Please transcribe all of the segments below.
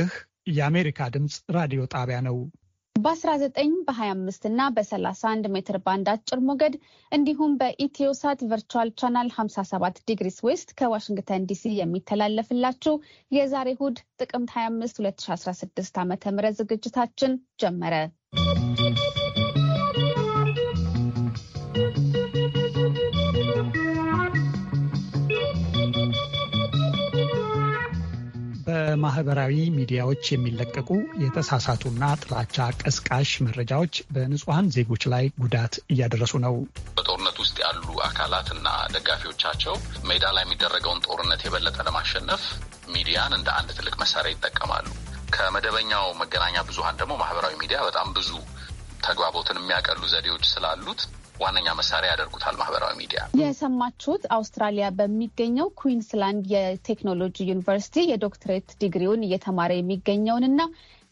ይህ የአሜሪካ ድምፅ ራዲዮ ጣቢያ ነው። በ19 በ25 እና በ31 ሜትር ባንድ አጭር ሞገድ እንዲሁም በኢትዮሳት ቨርቹዋል ቻናል 57 ዲግሪስ ዌስት ከዋሽንግተን ዲሲ የሚተላለፍላችሁ የዛሬ ሁድ ጥቅምት 25 2016 ዓ ም ዝግጅታችን ጀመረ። በማህበራዊ ሚዲያዎች የሚለቀቁ የተሳሳቱና ጥላቻ ቀስቃሽ መረጃዎች በንጹሐን ዜጎች ላይ ጉዳት እያደረሱ ነው። በጦርነት ውስጥ ያሉ አካላት እና ደጋፊዎቻቸው ሜዳ ላይ የሚደረገውን ጦርነት የበለጠ ለማሸነፍ ሚዲያን እንደ አንድ ትልቅ መሳሪያ ይጠቀማሉ። ከመደበኛው መገናኛ ብዙሃን ደግሞ ማህበራዊ ሚዲያ በጣም ብዙ ተግባቦትን የሚያቀሉ ዘዴዎች ስላሉት ዋነኛ መሳሪያ ያደርጉታል ማህበራዊ ሚዲያ። የሰማችሁት አውስትራሊያ በሚገኘው ኩዊንስላንድ የቴክኖሎጂ ዩኒቨርሲቲ የዶክትሬት ዲግሪውን እየተማረ የሚገኘውንና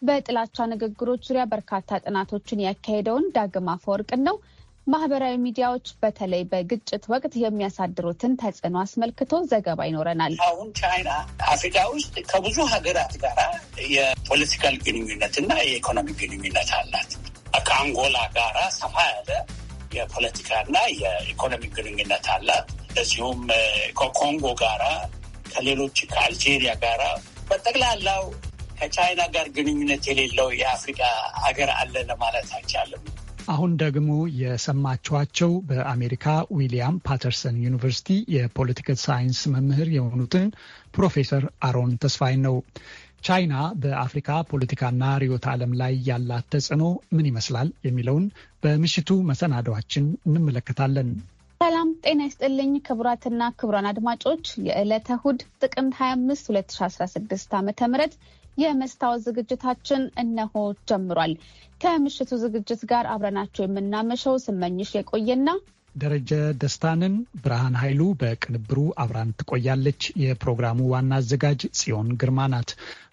በጥላቻ ንግግሮች ዙሪያ በርካታ ጥናቶችን ያካሄደውን ዳግማ አፈወርቅን ነው። ማህበራዊ ሚዲያዎች በተለይ በግጭት ወቅት የሚያሳድሩትን ተጽዕኖ አስመልክቶ ዘገባ ይኖረናል። አሁን ቻይና አፍሪካ ውስጥ ከብዙ ሀገራት ጋር የፖለቲካል ግንኙነት እና የኢኮኖሚ ግንኙነት አላት። ከአንጎላ ጋራ ሰፋ ያለ የፖለቲካና የኢኮኖሚ ግንኙነት አላት። እዚሁም ከኮንጎ ጋራ፣ ከሌሎች ከአልጄሪያ ጋራ በጠቅላላው ከቻይና ጋር ግንኙነት የሌለው የአፍሪካ ሀገር አለ ለማለት አይቻልም። አሁን ደግሞ የሰማችኋቸው በአሜሪካ ዊሊያም ፓተርሰን ዩኒቨርሲቲ የፖለቲካል ሳይንስ መምህር የሆኑትን ፕሮፌሰር አሮን ተስፋይን ነው። ቻይና በአፍሪካ ፖለቲካና ርዕዮተ ዓለም ላይ ያላት ተጽዕኖ ምን ይመስላል የሚለውን በምሽቱ መሰናዶዋችን እንመለከታለን። ሰላም ጤና ይስጥልኝ ክቡራትና ክቡራን አድማጮች የዕለተ እሁድ ጥቅምት 25 2016 ዓ ም የመስታወት ዝግጅታችን እነሆ ጀምሯል። ከምሽቱ ዝግጅት ጋር አብረናቸው የምናመሸው ስመኝሽ የቆየና ደረጀ ደስታንን ብርሃን ኃይሉ በቅንብሩ አብራን ትቆያለች። የፕሮግራሙ ዋና አዘጋጅ ጽዮን ግርማ ናት።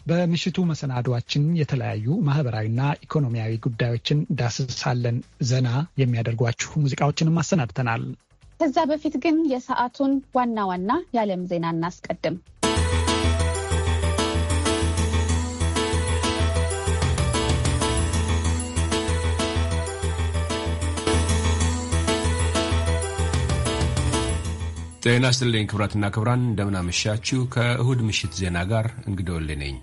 በምሽቱ መሰናዷችን የተለያዩ ማህበራዊና ኢኮኖሚያዊ ጉዳዮችን ዳስሳለን። ዘና የሚያደርጓችሁ ሙዚቃዎችንም አሰናድተናል። ከዛ በፊት ግን የሰዓቱን ዋና ዋና የዓለም ዜና እናስቀድም። ጤና ይስጥልኝ ክብራትና ክብራን፣ እንደምናመሻችሁ። ከእሁድ ምሽት ዜና ጋር እንግዳ ነኝ።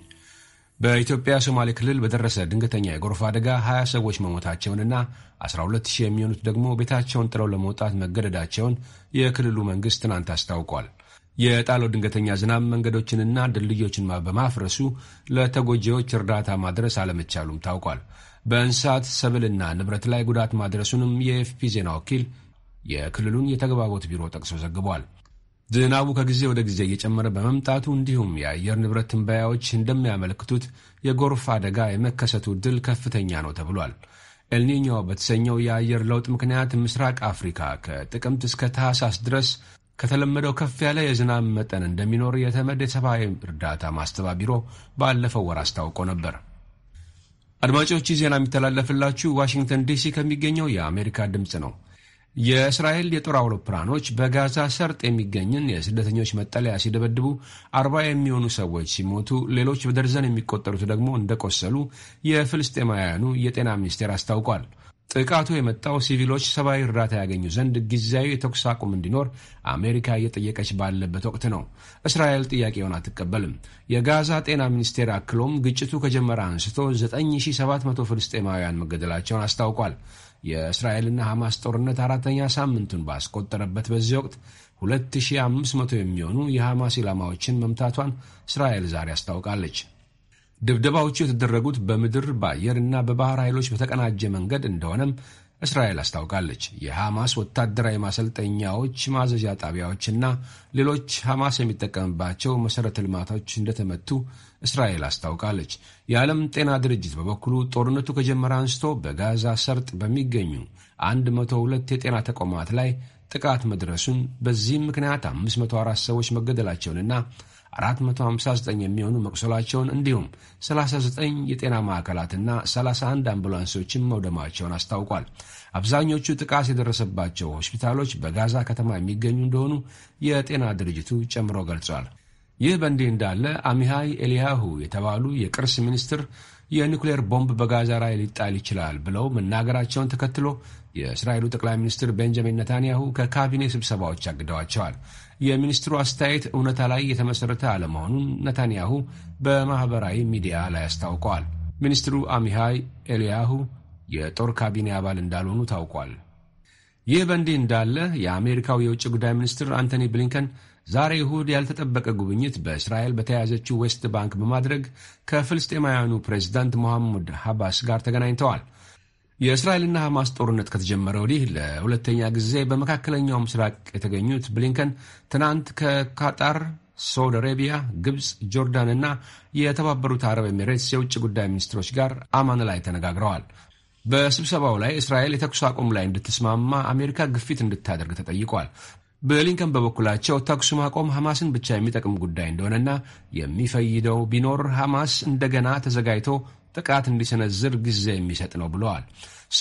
በኢትዮጵያ ሶማሌ ክልል በደረሰ ድንገተኛ የጎርፍ አደጋ 20 ሰዎች መሞታቸውንና 120 የሚሆኑት ደግሞ ቤታቸውን ጥለው ለመውጣት መገደዳቸውን የክልሉ መንግሥት ትናንት አስታውቋል። የጣለው ድንገተኛ ዝናብ መንገዶችንና ድልድዮችን በማፍረሱ ለተጎጂዎች እርዳታ ማድረስ አለመቻሉም ታውቋል። በእንስሳት ሰብልና ንብረት ላይ ጉዳት ማድረሱንም የኤፍፒ ዜና ወኪል የክልሉን የተግባቦት ቢሮ ጠቅሶ ዘግቧል። ዝናቡ ከጊዜ ወደ ጊዜ እየጨመረ በመምጣቱ እንዲሁም የአየር ንብረት ትንበያዎች እንደሚያመለክቱት የጎርፍ አደጋ የመከሰቱ ዕድል ከፍተኛ ነው ተብሏል። ኤልኒኞ በተሰኘው የአየር ለውጥ ምክንያት ምስራቅ አፍሪካ ከጥቅምት እስከ ታህሳስ ድረስ ከተለመደው ከፍ ያለ የዝናብ መጠን እንደሚኖር የተመድ የሰብአዊ እርዳታ ማስተባ ቢሮ ባለፈው ወር አስታውቆ ነበር። አድማጮች ዜና የሚተላለፍላችሁ ዋሽንግተን ዲሲ ከሚገኘው የአሜሪካ ድምፅ ነው። የእስራኤል የጦር አውሮፕላኖች በጋዛ ሰርጥ የሚገኝን የስደተኞች መጠለያ ሲደበድቡ አርባ የሚሆኑ ሰዎች ሲሞቱ ሌሎች በደርዘን የሚቆጠሩት ደግሞ እንደቆሰሉ የፍልስጤማውያኑ የጤና ሚኒስቴር አስታውቋል። ጥቃቱ የመጣው ሲቪሎች ሰብአዊ እርዳታ ያገኙ ዘንድ ጊዜያዊ የተኩስ አቁም እንዲኖር አሜሪካ እየጠየቀች ባለበት ወቅት ነው። እስራኤል ጥያቄውን አትቀበልም። የጋዛ ጤና ሚኒስቴር አክሎም ግጭቱ ከጀመረ አንስቶ 9700 ፍልስጤማውያን መገደላቸውን አስታውቋል። የእስራኤልና ሐማስ ጦርነት አራተኛ ሳምንቱን ባስቆጠረበት በዚህ ወቅት 2500 የሚሆኑ የሐማስ ኢላማዎችን መምታቷን እስራኤል ዛሬ አስታውቃለች። ድብደባዎቹ የተደረጉት በምድር በአየር እና በባህር ኃይሎች በተቀናጀ መንገድ እንደሆነም እስራኤል አስታውቃለች። የሐማስ ወታደራዊ ማሰልጠኛዎች፣ ማዘዣ ጣቢያዎችና ሌሎች ሐማስ የሚጠቀምባቸው መሠረተ ልማቶች እንደተመቱ እስራኤል አስታውቃለች። የዓለም ጤና ድርጅት በበኩሉ ጦርነቱ ከጀመረ አንስቶ በጋዛ ሰርጥ በሚገኙ 102 የጤና ተቋማት ላይ ጥቃት መድረሱን በዚህም ምክንያት 504 ሰዎች መገደላቸውንና 459 የሚሆኑ መቁሰላቸውን እንዲሁም 39 የጤና ማዕከላትና 31 አምቡላንሶችም መውደማቸውን አስታውቋል። አብዛኞቹ ጥቃት የደረሰባቸው ሆስፒታሎች በጋዛ ከተማ የሚገኙ እንደሆኑ የጤና ድርጅቱ ጨምሮ ገልጿል። ይህ በእንዲህ እንዳለ አሚሃይ ኤልያሁ የተባሉ የቅርስ ሚኒስትር የኒኩሌር ቦምብ በጋዛ ላይ ሊጣል ይችላል ብለው መናገራቸውን ተከትሎ የእስራኤሉ ጠቅላይ ሚኒስትር ቤንጃሚን ነታንያሁ ከካቢኔ ስብሰባዎች አግደዋቸዋል። የሚኒስትሩ አስተያየት እውነታ ላይ የተመሠረተ አለመሆኑን ነታንያሁ በማኅበራዊ ሚዲያ ላይ አስታውቀዋል። ሚኒስትሩ አሚሃይ ኤልያሁ የጦር ካቢኔ አባል እንዳልሆኑ ታውቋል። ይህ በእንዲህ እንዳለ የአሜሪካው የውጭ ጉዳይ ሚኒስትር አንቶኒ ብሊንከን ዛሬ እሁድ ያልተጠበቀ ጉብኝት በእስራኤል በተያያዘችው ዌስት ባንክ በማድረግ ከፍልስጤማውያኑ ፕሬዚዳንት መሐመድ ሐባስ ጋር ተገናኝተዋል። የእስራኤልና ሐማስ ጦርነት ከተጀመረ ወዲህ ለሁለተኛ ጊዜ በመካከለኛው ምስራቅ የተገኙት ብሊንከን ትናንት ከካጣር፣ ሳውዲ አረቢያ፣ ግብፅ፣ ጆርዳን የተባበሩት አረብ ኤሚሬትስ የውጭ ጉዳይ ሚኒስትሮች ጋር አማን ላይ ተነጋግረዋል። በስብሰባው ላይ እስራኤል የተኩስ አቁም ላይ እንድትስማማ አሜሪካ ግፊት እንድታደርግ ተጠይቋል። ብሊንከን በበኩላቸው ተኩስ ማቆም ሐማስን ብቻ የሚጠቅም ጉዳይ እንደሆነና የሚፈይደው ቢኖር ሐማስ እንደገና ተዘጋጅቶ ጥቃት እንዲሰነዝር ጊዜ የሚሰጥ ነው ብለዋል።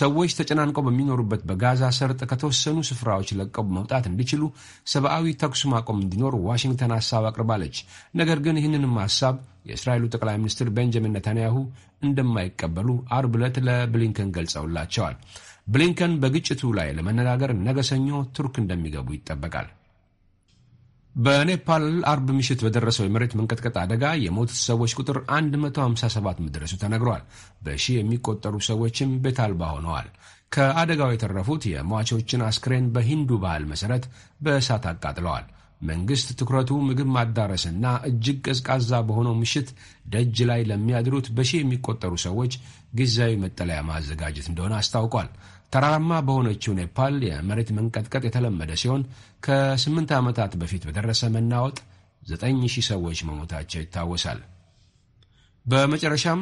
ሰዎች ተጨናንቀው በሚኖሩበት በጋዛ ሰርጥ ከተወሰኑ ስፍራዎች ለቀው መውጣት እንዲችሉ ሰብአዊ ተኩስ ማቆም እንዲኖር ዋሽንግተን ሀሳብ አቅርባለች። ነገር ግን ይህንንም ሀሳብ የእስራኤሉ ጠቅላይ ሚኒስትር ቤንጃሚን ነታንያሁ እንደማይቀበሉ አርብ ዕለት ለብሊንከን ገልጸውላቸዋል። ብሊንከን በግጭቱ ላይ ለመነጋገር ነገ ሰኞ ቱርክ እንደሚገቡ ይጠበቃል። በኔፓል አርብ ምሽት በደረሰው የመሬት መንቀጥቀጥ አደጋ የሞቱት ሰዎች ቁጥር 157 መድረሱ ተነግሯል። በሺህ የሚቆጠሩ ሰዎችም ቤት አልባ ሆነዋል። ከአደጋው የተረፉት የሟቾችን አስክሬን በሂንዱ ባህል መሠረት በእሳት አቃጥለዋል። መንግሥት ትኩረቱ ምግብ ማዳረስና እጅግ ቀዝቃዛ በሆነው ምሽት ደጅ ላይ ለሚያድሩት በሺህ የሚቆጠሩ ሰዎች ጊዜያዊ መጠለያ ማዘጋጀት እንደሆነ አስታውቋል። ተራራማ በሆነችው ኔፓል የመሬት መንቀጥቀጥ የተለመደ ሲሆን ከስምንት ዓመታት በፊት በደረሰ መናወጥ ዘጠኝ ሺህ ሰዎች መሞታቸው ይታወሳል። በመጨረሻም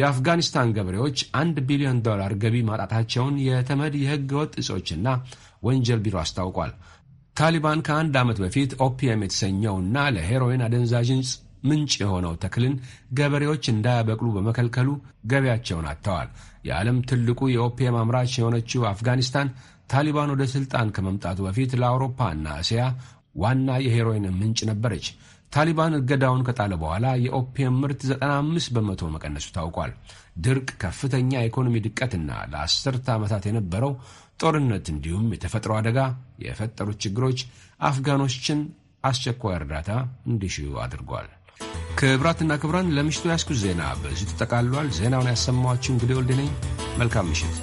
የአፍጋኒስታን ገበሬዎች አንድ ቢሊዮን ዶላር ገቢ ማጣታቸውን የተመድ የሕገ ወጥ እጾችና ወንጀል ቢሮ አስታውቋል። ታሊባን ከአንድ ዓመት በፊት ኦፒየም የተሰኘውና ለሄሮይን አደንዛዥ እጽ ምንጭ የሆነው ተክልን ገበሬዎች እንዳያበቅሉ በመከልከሉ ገቢያቸውን አጥተዋል። የዓለም ትልቁ የኦፒየም አምራች የሆነችው አፍጋኒስታን ታሊባን ወደ ሥልጣን ከመምጣቱ በፊት ለአውሮፓ እና እስያ ዋና የሄሮይን ምንጭ ነበረች። ታሊባን እገዳውን ከጣለ በኋላ የኦፒየም ምርት 95 በመቶ መቀነሱ ታውቋል። ድርቅ፣ ከፍተኛ የኢኮኖሚ ድቀትና ለአስርተ ዓመታት የነበረው ጦርነት እንዲሁም የተፈጥሮ አደጋ የፈጠሩት ችግሮች አፍጋኖችን አስቸኳይ እርዳታ እንዲሽዩ አድርጓል። ክብራትና ክብራን ለምሽቱ ያስኩት ዜና በዚሁ ተጠቃልሏል። ዜናውን ያሰማኋችሁ እንግዲህ ወልድ ነኝ። መልካም ምሽት።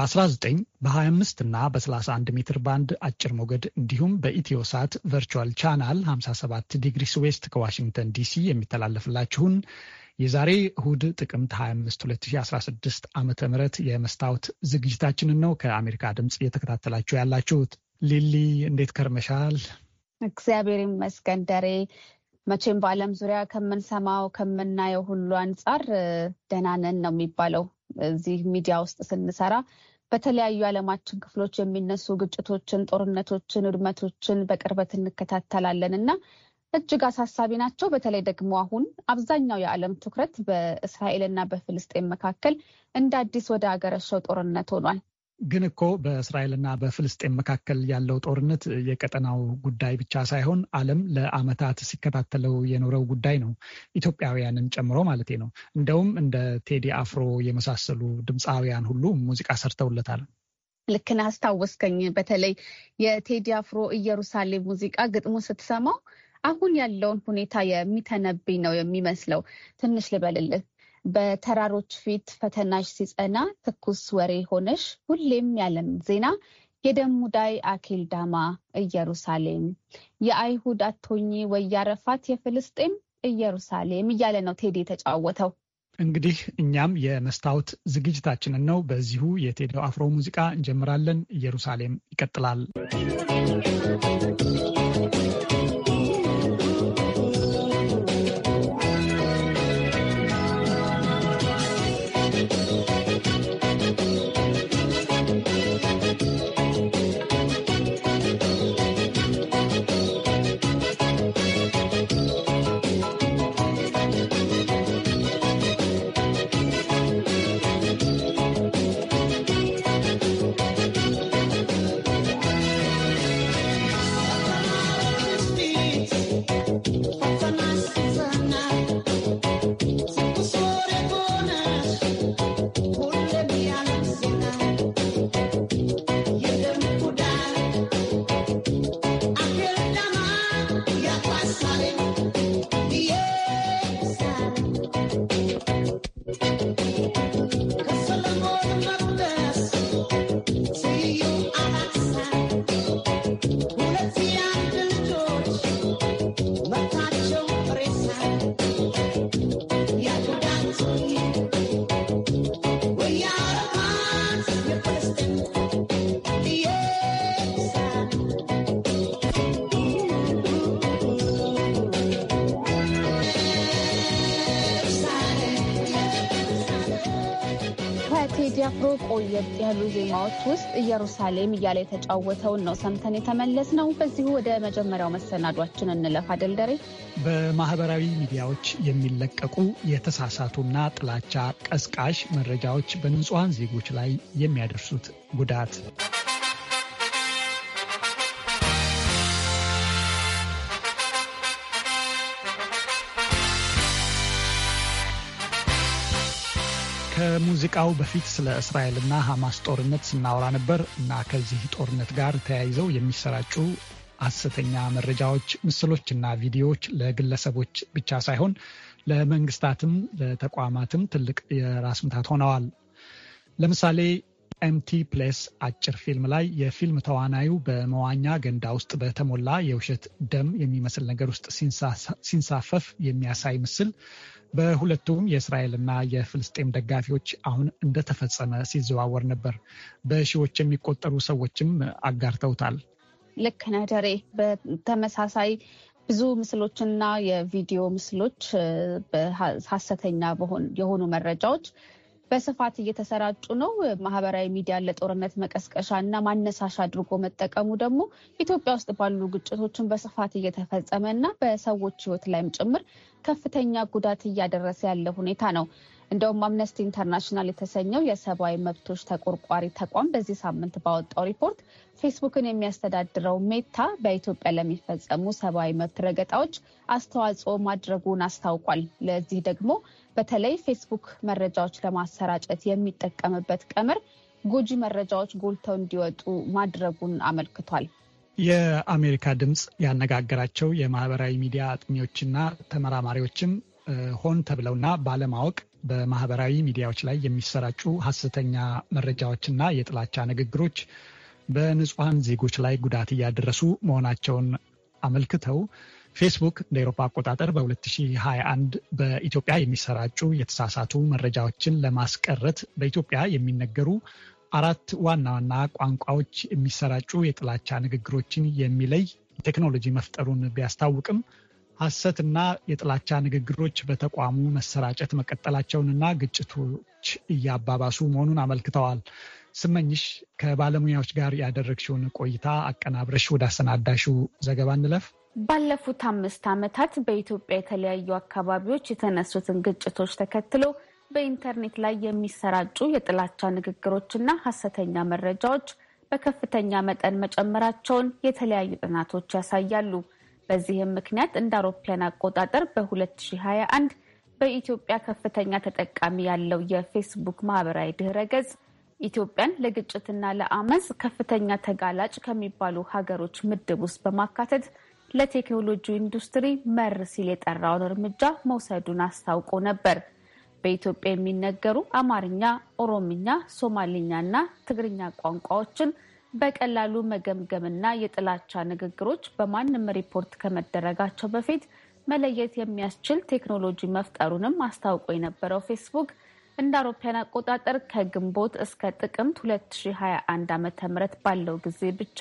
በ19 በ25 እና በ31 ሜትር ባንድ አጭር ሞገድ እንዲሁም በኢትዮ ሳት ቨርቹዋል ቻናል 57 ዲግሪስ ዌስት ከዋሽንግተን ዲሲ የሚተላለፍላችሁን የዛሬ እሁድ ጥቅምት 25 2016 ዓ ም የመስታወት ዝግጅታችንን ነው ከአሜሪካ ድምፅ እየተከታተላችሁ ያላችሁት። ሊሊ እንዴት ከርመሻል? እግዚአብሔር ይመስገን ደሬ። መቼም በዓለም ዙሪያ ከምንሰማው ከምናየው ሁሉ አንጻር ደህና ነን ነው የሚባለው። እዚህ ሚዲያ ውስጥ ስንሰራ በተለያዩ የዓለማችን ክፍሎች የሚነሱ ግጭቶችን፣ ጦርነቶችን፣ ውድመቶችን በቅርበት እንከታተላለን እና እጅግ አሳሳቢ ናቸው። በተለይ ደግሞ አሁን አብዛኛው የዓለም ትኩረት በእስራኤልና በፍልስጤን መካከል እንደ አዲስ ወደ አገረሸው ጦርነት ሆኗል። ግን እኮ በእስራኤልና በፍልስጤን መካከል ያለው ጦርነት የቀጠናው ጉዳይ ብቻ ሳይሆን ዓለም ለዓመታት ሲከታተለው የኖረው ጉዳይ ነው፣ ኢትዮጵያውያንን ጨምሮ ማለት ነው። እንደውም እንደ ቴዲ አፍሮ የመሳሰሉ ድምፃውያን ሁሉ ሙዚቃ ሰርተውለታል። ልክን አስታወስከኝ። በተለይ የቴዲ አፍሮ ኢየሩሳሌም ሙዚቃ ግጥሙ ስትሰማው አሁን ያለውን ሁኔታ የሚተነብኝ ነው የሚመስለው። ትንሽ ልበልልህ። በተራሮች ፊት ፈተናሽ ሲጸና ትኩስ ወሬ ሆነሽ ሁሌም ያለም ዜና የደሙዳይ አኪል ዳማ ኢየሩሳሌም የአይሁድ አቶኚ ወያረፋት የፍልስጤም ኢየሩሳሌም እያለ ነው ቴዲ የተጫወተው። እንግዲህ እኛም የመስታወት ዝግጅታችንን ነው በዚሁ የቴዲ አፍሮ ሙዚቃ እንጀምራለን። ኢየሩሳሌም ይቀጥላል። ያሉ ዜማዎች ውስጥ ኢየሩሳሌም እያለ የተጫወተውን ነው ሰምተን የተመለስ ነው። በዚሁ ወደ መጀመሪያው መሰናዷችን እንለፍ። አደልደሬ በማህበራዊ ሚዲያዎች የሚለቀቁ የተሳሳቱና ጥላቻ ቀስቃሽ መረጃዎች በንጹሐን ዜጎች ላይ የሚያደርሱት ጉዳት ከሙዚቃው በፊት ስለ እስራኤልና ሐማስ ጦርነት ስናወራ ነበር እና ከዚህ ጦርነት ጋር ተያይዘው የሚሰራጩ ሐሰተኛ መረጃዎች፣ ምስሎችና ቪዲዮዎች ለግለሰቦች ብቻ ሳይሆን ለመንግስታትም ለተቋማትም ትልቅ የራስ ምታት ሆነዋል። ለምሳሌ ኤምቲ ፕሌስ አጭር ፊልም ላይ የፊልም ተዋናዩ በመዋኛ ገንዳ ውስጥ በተሞላ የውሸት ደም የሚመስል ነገር ውስጥ ሲንሳፈፍ የሚያሳይ ምስል በሁለቱም የእስራኤልና የፍልስጤም ደጋፊዎች አሁን እንደተፈጸመ ሲዘዋወር ነበር። በሺዎች የሚቆጠሩ ሰዎችም አጋርተውታል። ልክ ነህ ደሬ። በተመሳሳይ ብዙ ምስሎችና የቪዲዮ ምስሎች ሀሰተኛ የሆኑ መረጃዎች በስፋት እየተሰራጩ ነው። ማህበራዊ ሚዲያ ለጦርነት መቀስቀሻ እና ማነሳሻ አድርጎ መጠቀሙ ደግሞ ኢትዮጵያ ውስጥ ባሉ ግጭቶችን በስፋት እየተፈጸመ እና በሰዎች ሕይወት ላይም ጭምር ከፍተኛ ጉዳት እያደረሰ ያለ ሁኔታ ነው። እንደውም አምነስቲ ኢንተርናሽናል የተሰኘው የሰብአዊ መብቶች ተቆርቋሪ ተቋም በዚህ ሳምንት ባወጣው ሪፖርት ፌስቡክን የሚያስተዳድረው ሜታ በኢትዮጵያ ለሚፈጸሙ ሰብአዊ መብት ረገጣዎች አስተዋጽኦ ማድረጉን አስታውቋል። ለዚህ ደግሞ በተለይ ፌስቡክ መረጃዎች ለማሰራጨት የሚጠቀምበት ቀመር ጎጂ መረጃዎች ጎልተው እንዲወጡ ማድረጉን አመልክቷል። የአሜሪካ ድምፅ ያነጋገራቸው የማህበራዊ ሚዲያ አጥኚዎችና ተመራማሪዎችም ሆን ተብለውና ባለማወቅ በማህበራዊ ሚዲያዎች ላይ የሚሰራጩ ሀሰተኛ መረጃዎችና የጥላቻ ንግግሮች በንጹሐን ዜጎች ላይ ጉዳት እያደረሱ መሆናቸውን አመልክተው ፌስቡክ እንደ ኤሮፓ አቆጣጠር በ2021 በኢትዮጵያ የሚሰራጩ የተሳሳቱ መረጃዎችን ለማስቀረት በኢትዮጵያ የሚነገሩ አራት ዋና ዋና ቋንቋዎች የሚሰራጩ የጥላቻ ንግግሮችን የሚለይ ቴክኖሎጂ መፍጠሩን ቢያስታውቅም ሐሰትና የጥላቻ ንግግሮች በተቋሙ መሰራጨት መቀጠላቸውንና ግጭቶች እያባባሱ መሆኑን አመልክተዋል። ስመኝሽ ከባለሙያዎች ጋር ያደረግሽውን ቆይታ አቀናብረሽ ወደ አሰናዳሽው ዘገባ እንለፍ። ባለፉት አምስት ዓመታት በኢትዮጵያ የተለያዩ አካባቢዎች የተነሱትን ግጭቶች ተከትሎ በኢንተርኔት ላይ የሚሰራጩ የጥላቻ ንግግሮችና ሀሰተኛ መረጃዎች በከፍተኛ መጠን መጨመራቸውን የተለያዩ ጥናቶች ያሳያሉ። በዚህም ምክንያት እንደ አውሮፓውያን አቆጣጠር በ2021 በኢትዮጵያ ከፍተኛ ተጠቃሚ ያለው የፌስቡክ ማህበራዊ ድህረ ገጽ ኢትዮጵያን ለግጭትና ለአመፅ ከፍተኛ ተጋላጭ ከሚባሉ ሀገሮች ምድብ ውስጥ በማካተት ለቴክኖሎጂ ኢንዱስትሪ መር ሲል የጠራውን እርምጃ መውሰዱን አስታውቆ ነበር። በኢትዮጵያ የሚነገሩ አማርኛ፣ ኦሮምኛ፣ ሶማሊኛና ትግርኛ ቋንቋዎችን በቀላሉ መገምገምና የጥላቻ ንግግሮች በማንም ሪፖርት ከመደረጋቸው በፊት መለየት የሚያስችል ቴክኖሎጂ መፍጠሩንም አስታውቆ የነበረው ፌስቡክ እንደ አውሮፓውያን አቆጣጠር ከግንቦት እስከ ጥቅምት 2021 ም ባለው ጊዜ ብቻ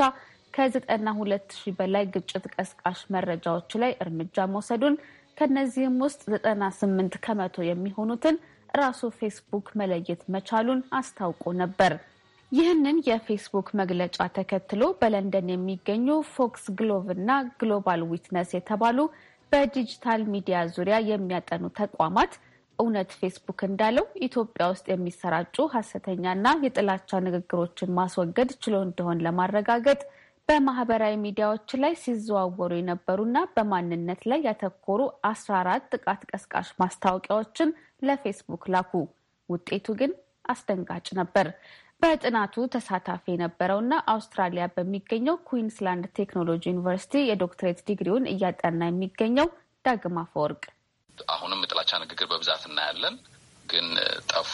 ከ92 ሺህ በላይ ግጭት ቀስቃሽ መረጃዎች ላይ እርምጃ መውሰዱን ከነዚህም ውስጥ 98 ከመቶ የሚሆኑትን ራሱ ፌስቡክ መለየት መቻሉን አስታውቆ ነበር። ይህንን የፌስቡክ መግለጫ ተከትሎ በለንደን የሚገኙ ፎክስ ግሎቭ እና ግሎባል ዊትነስ የተባሉ በዲጂታል ሚዲያ ዙሪያ የሚያጠኑ ተቋማት እውነት ፌስቡክ እንዳለው ኢትዮጵያ ውስጥ የሚሰራጩ ሀሰተኛና የጥላቻ ንግግሮችን ማስወገድ ችሎ እንደሆን ለማረጋገጥ በማህበራዊ ሚዲያዎች ላይ ሲዘዋወሩ የነበሩና በማንነት ላይ ያተኮሩ አስራ አራት ጥቃት ቀስቃሽ ማስታወቂያዎችን ለፌስቡክ ላኩ። ውጤቱ ግን አስደንጋጭ ነበር። በጥናቱ ተሳታፊ የነበረውና አውስትራሊያ በሚገኘው ኩዊንስላንድ ቴክኖሎጂ ዩኒቨርሲቲ የዶክትሬት ዲግሪውን እያጠና የሚገኘው ዳግማ ፈወርቅ አሁንም የጥላቻ ንግግር በብዛት እናያለን፣ ግን ጠፉ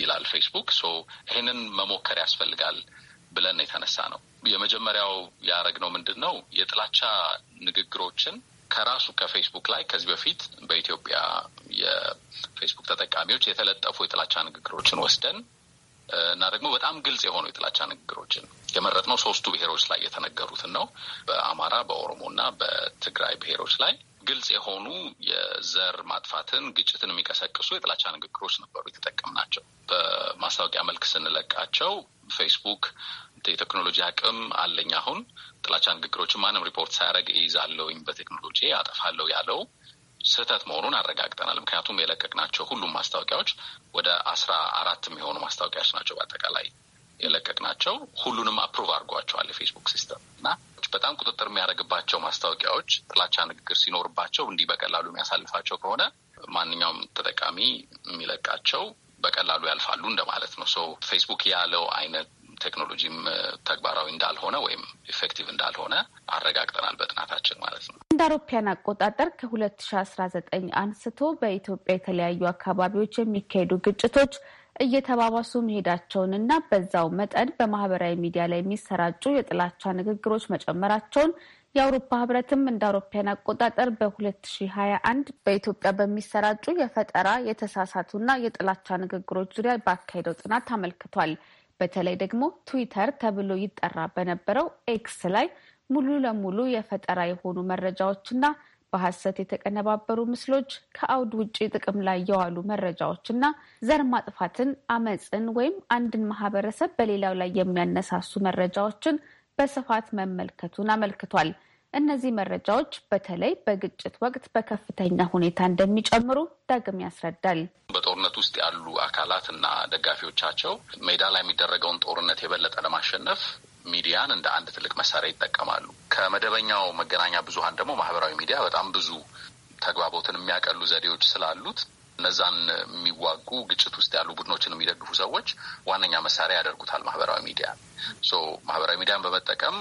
ይላል ፌስቡክ። ሶ ይህንን መሞከር ያስፈልጋል ብለን የተነሳ ነው። የመጀመሪያው ያደረግነው ምንድን ነው የጥላቻ ንግግሮችን ከራሱ ከፌስቡክ ላይ ከዚህ በፊት በኢትዮጵያ የፌስቡክ ተጠቃሚዎች የተለጠፉ የጥላቻ ንግግሮችን ወስደን እና ደግሞ በጣም ግልጽ የሆኑ የጥላቻ ንግግሮችን የመረጥነው ሶስቱ ብሔሮች ላይ የተነገሩትን ነው። በአማራ፣ በኦሮሞ እና በትግራይ ብሔሮች ላይ ግልጽ የሆኑ የዘር ማጥፋትን፣ ግጭትን የሚቀሰቅሱ የጥላቻ ንግግሮች ነበሩ የተጠቀምናቸው። በማስታወቂያ መልክ ስንለቃቸው ፌስቡክ የቴክኖሎጂ አቅም አለኝ አሁን ጥላቻ ንግግሮችን ማንም ሪፖርት ሳያደርግ እይዛለሁኝ በቴክኖሎጂ አጠፋለሁ ያለው ስህተት መሆኑን አረጋግጠናል። ምክንያቱም የለቀቅናቸው ሁሉም ማስታወቂያዎች ወደ አስራ አራት የሚሆኑ ማስታወቂያዎች ናቸው በአጠቃላይ የለቀቅናቸው ሁሉንም አፕሩቭ አድርጓቸዋል የፌስቡክ ሲስተም እና በጣም ቁጥጥር የሚያደርግባቸው ማስታወቂያዎች ጥላቻ ንግግር ሲኖርባቸው እንዲህ በቀላሉ የሚያሳልፋቸው ከሆነ ማንኛውም ተጠቃሚ የሚለቃቸው በቀላሉ ያልፋሉ እንደማለት ነው። ሰው ፌስቡክ ያለው አይነት ቴክኖሎጂም ተግባራዊ እንዳልሆነ ወይም ኢፌክቲቭ እንዳልሆነ አረጋግጠናል በጥናታችን ማለት ነው። እንደ አውሮፓያን አቆጣጠር ከሁለት ሺ አስራ ዘጠኝ አንስቶ በኢትዮጵያ የተለያዩ አካባቢዎች የሚካሄዱ ግጭቶች እየተባባሱ መሄዳቸውንና በዛው መጠን በማህበራዊ ሚዲያ ላይ የሚሰራጩ የጥላቻ ንግግሮች መጨመራቸውን የአውሮፓ ህብረትም እንደ አውሮፓያን አቆጣጠር በ2021 በኢትዮጵያ በሚሰራጩ የፈጠራ የተሳሳቱና የጥላቻ ንግግሮች ዙሪያ ባካሄደው ጥናት አመልክቷል። በተለይ ደግሞ ትዊተር ተብሎ ይጠራ በነበረው ኤክስ ላይ ሙሉ ለሙሉ የፈጠራ የሆኑ መረጃዎችና በሐሰት የተቀነባበሩ ምስሎች፣ ከአውድ ውጭ ጥቅም ላይ የዋሉ መረጃዎች እና ዘር ማጥፋትን፣ አመፅን ወይም አንድን ማህበረሰብ በሌላው ላይ የሚያነሳሱ መረጃዎችን በስፋት መመልከቱን አመልክቷል። እነዚህ መረጃዎች በተለይ በግጭት ወቅት በከፍተኛ ሁኔታ እንደሚጨምሩ ዳግም ያስረዳል። በጦርነት ውስጥ ያሉ አካላት እና ደጋፊዎቻቸው ሜዳ ላይ የሚደረገውን ጦርነት የበለጠ ለማሸነፍ ሚዲያን እንደ አንድ ትልቅ መሳሪያ ይጠቀማሉ። ከመደበኛው መገናኛ ብዙሀን ደግሞ ማህበራዊ ሚዲያ በጣም ብዙ ተግባቦትን የሚያቀሉ ዘዴዎች ስላሉት እነዛን የሚዋጉ ግጭት ውስጥ ያሉ ቡድኖችን የሚደግፉ ሰዎች ዋነኛ መሳሪያ ያደርጉታል ማህበራዊ ሚዲያ። ሶ ማህበራዊ ሚዲያን በመጠቀም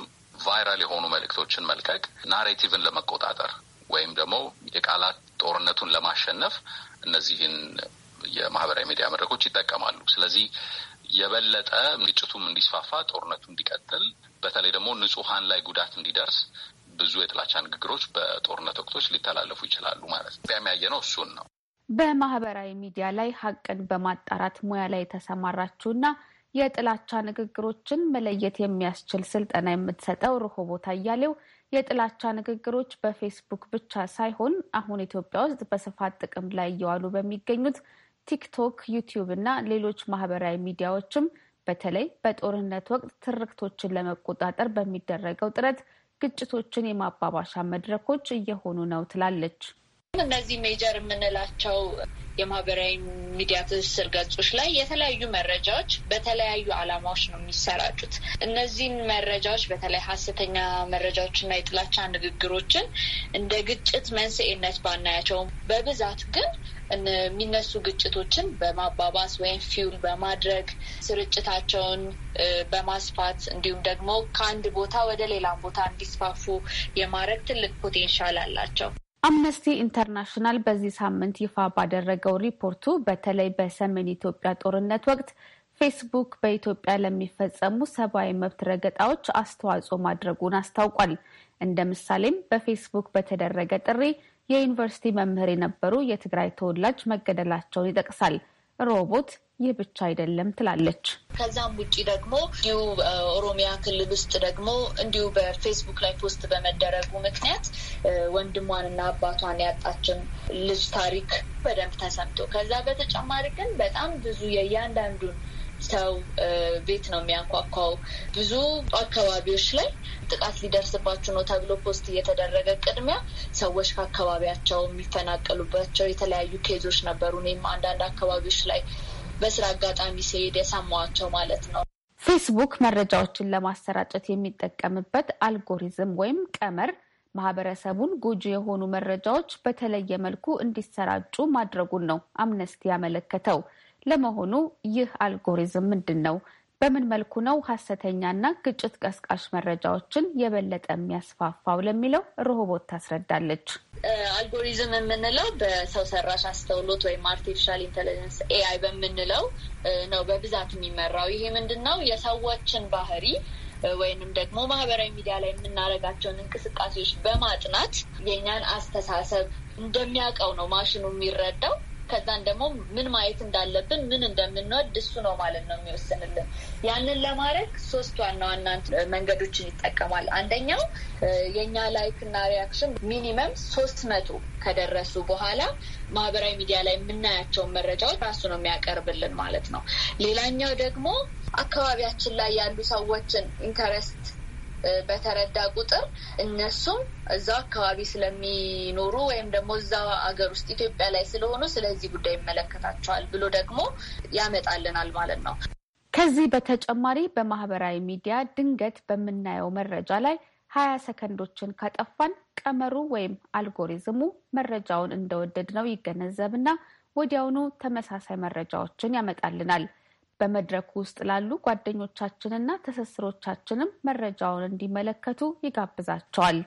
ቫይራል የሆኑ መልእክቶችን መልቀቅ ናሬቲቭን ለመቆጣጠር ወይም ደግሞ የቃላት ጦርነቱን ለማሸነፍ እነዚህን የማህበራዊ ሚዲያ መድረኮች ይጠቀማሉ። ስለዚህ የበለጠ ግጭቱም እንዲስፋፋ፣ ጦርነቱ እንዲቀጥል፣ በተለይ ደግሞ ንጹሐን ላይ ጉዳት እንዲደርስ ብዙ የጥላቻ ንግግሮች በጦርነት ወቅቶች ሊተላለፉ ይችላሉ ማለት ነው። ያየ እሱን ነው። በማህበራዊ ሚዲያ ላይ ሀቅን በማጣራት ሙያ ላይ የተሰማራችሁና የጥላቻ ንግግሮችን መለየት የሚያስችል ስልጠና የምትሰጠው ርሆቦት አያሌው የጥላቻ ንግግሮች በፌስቡክ ብቻ ሳይሆን አሁን ኢትዮጵያ ውስጥ በስፋት ጥቅም ላይ እየዋሉ በሚገኙት ቲክቶክ፣ ዩቲዩብ እና ሌሎች ማህበራዊ ሚዲያዎችም በተለይ በጦርነት ወቅት ትርክቶችን ለመቆጣጠር በሚደረገው ጥረት ግጭቶችን የማባባሻ መድረኮች እየሆኑ ነው ትላለች። እነዚህ ሜጀር የምንላቸው የማህበራዊ ሚዲያ ትስስር ገጾች ላይ የተለያዩ መረጃዎች በተለያዩ አላማዎች ነው የሚሰራጩት። እነዚህን መረጃዎች በተለይ ሀሰተኛ መረጃዎችና የጥላቻ ንግግሮችን እንደ ግጭት መንስኤነት ባናያቸውም በብዛት ግን የሚነሱ ግጭቶችን በማባባስ ወይም ፊውል በማድረግ ስርጭታቸውን በማስፋት እንዲሁም ደግሞ ከአንድ ቦታ ወደ ሌላ ቦታ እንዲስፋፉ የማድረግ ትልቅ ፖቴንሻል አላቸው። አምነስቲ ኢንተርናሽናል በዚህ ሳምንት ይፋ ባደረገው ሪፖርቱ በተለይ በሰሜን ኢትዮጵያ ጦርነት ወቅት ፌስቡክ በኢትዮጵያ ለሚፈጸሙ ሰብአዊ መብት ረገጣዎች አስተዋጽኦ ማድረጉን አስታውቋል። እንደ ምሳሌም በፌስቡክ በተደረገ ጥሪ የዩኒቨርሲቲ መምህር የነበሩ የትግራይ ተወላጅ መገደላቸውን ይጠቅሳል። ሮቦት ይህ ብቻ አይደለም ትላለች። ከዛም ውጭ ደግሞ እንዲሁ ኦሮሚያ ክልል ውስጥ ደግሞ እንዲሁ በፌስቡክ ላይ ፖስት በመደረጉ ምክንያት ወንድሟንና አባቷን ያጣችን ልጅ ታሪክ በደንብ ተሰምቶ ከዛ በተጨማሪ ግን በጣም ብዙ የእያንዳንዱን ሰው ቤት ነው የሚያንኳኳው። ብዙ አካባቢዎች ላይ ጥቃት ሊደርስባችሁ ነው ተብሎ ፖስት እየተደረገ ቅድሚያ ሰዎች ከአካባቢያቸው የሚፈናቀሉባቸው የተለያዩ ኬዞች ነበሩ። እኔም አንዳንድ አካባቢዎች ላይ በስራ አጋጣሚ ሲሄድ የሰማዋቸው ማለት ነው። ፌስቡክ መረጃዎችን ለማሰራጨት የሚጠቀምበት አልጎሪዝም ወይም ቀመር ማህበረሰቡን ጎጂ የሆኑ መረጃዎች በተለየ መልኩ እንዲሰራጩ ማድረጉን ነው አምነስቲ ያመለከተው። ለመሆኑ ይህ አልጎሪዝም ምንድን ነው? በምን መልኩ ነው ሀሰተኛና ግጭት ቀስቃሽ መረጃዎችን የበለጠ የሚያስፋፋው ለሚለው ሮቦት ታስረዳለች። አልጎሪዝም የምንለው በሰው ሰራሽ አስተውሎት ወይም አርቲፊሻል ኢንቴሊጀንስ ኤአይ በምንለው ነው በብዛት የሚመራው። ይሄ ምንድን ነው? የሰዎችን ባህሪ ወይንም ደግሞ ማህበራዊ ሚዲያ ላይ የምናደርጋቸውን እንቅስቃሴዎች በማጥናት የእኛን አስተሳሰብ እንደሚያውቀው ነው ማሽኑ የሚረዳው ከዛን ደግሞ ምን ማየት እንዳለብን ምን እንደምንወድ እሱ ነው ማለት ነው የሚወስንልን። ያንን ለማድረግ ሶስት ዋና ዋና መንገዶችን ይጠቀማል። አንደኛው የእኛ ላይክ እና ሪያክሽን ሚኒመም ሶስት መቶ ከደረሱ በኋላ ማህበራዊ ሚዲያ ላይ የምናያቸውን መረጃዎች ራሱ ነው የሚያቀርብልን ማለት ነው። ሌላኛው ደግሞ አካባቢያችን ላይ ያሉ ሰዎችን ኢንተረስት በተረዳ ቁጥር እነሱም እዛው አካባቢ ስለሚኖሩ ወይም ደግሞ እዛ ሀገር ውስጥ ኢትዮጵያ ላይ ስለሆኑ ስለዚህ ጉዳይ ይመለከታቸዋል ብሎ ደግሞ ያመጣልናል ማለት ነው። ከዚህ በተጨማሪ በማህበራዊ ሚዲያ ድንገት በምናየው መረጃ ላይ ሀያ ሰከንዶችን ካጠፋን ቀመሩ ወይም አልጎሪዝሙ መረጃውን እንደወደድ ነው ይገነዘብና ወዲያውኑ ተመሳሳይ መረጃዎችን ያመጣልናል። በመድረኩ ውስጥ ላሉ ጓደኞቻችንና ትስስሮቻችንም መረጃውን እንዲመለከቱ ይጋብዛቸዋል።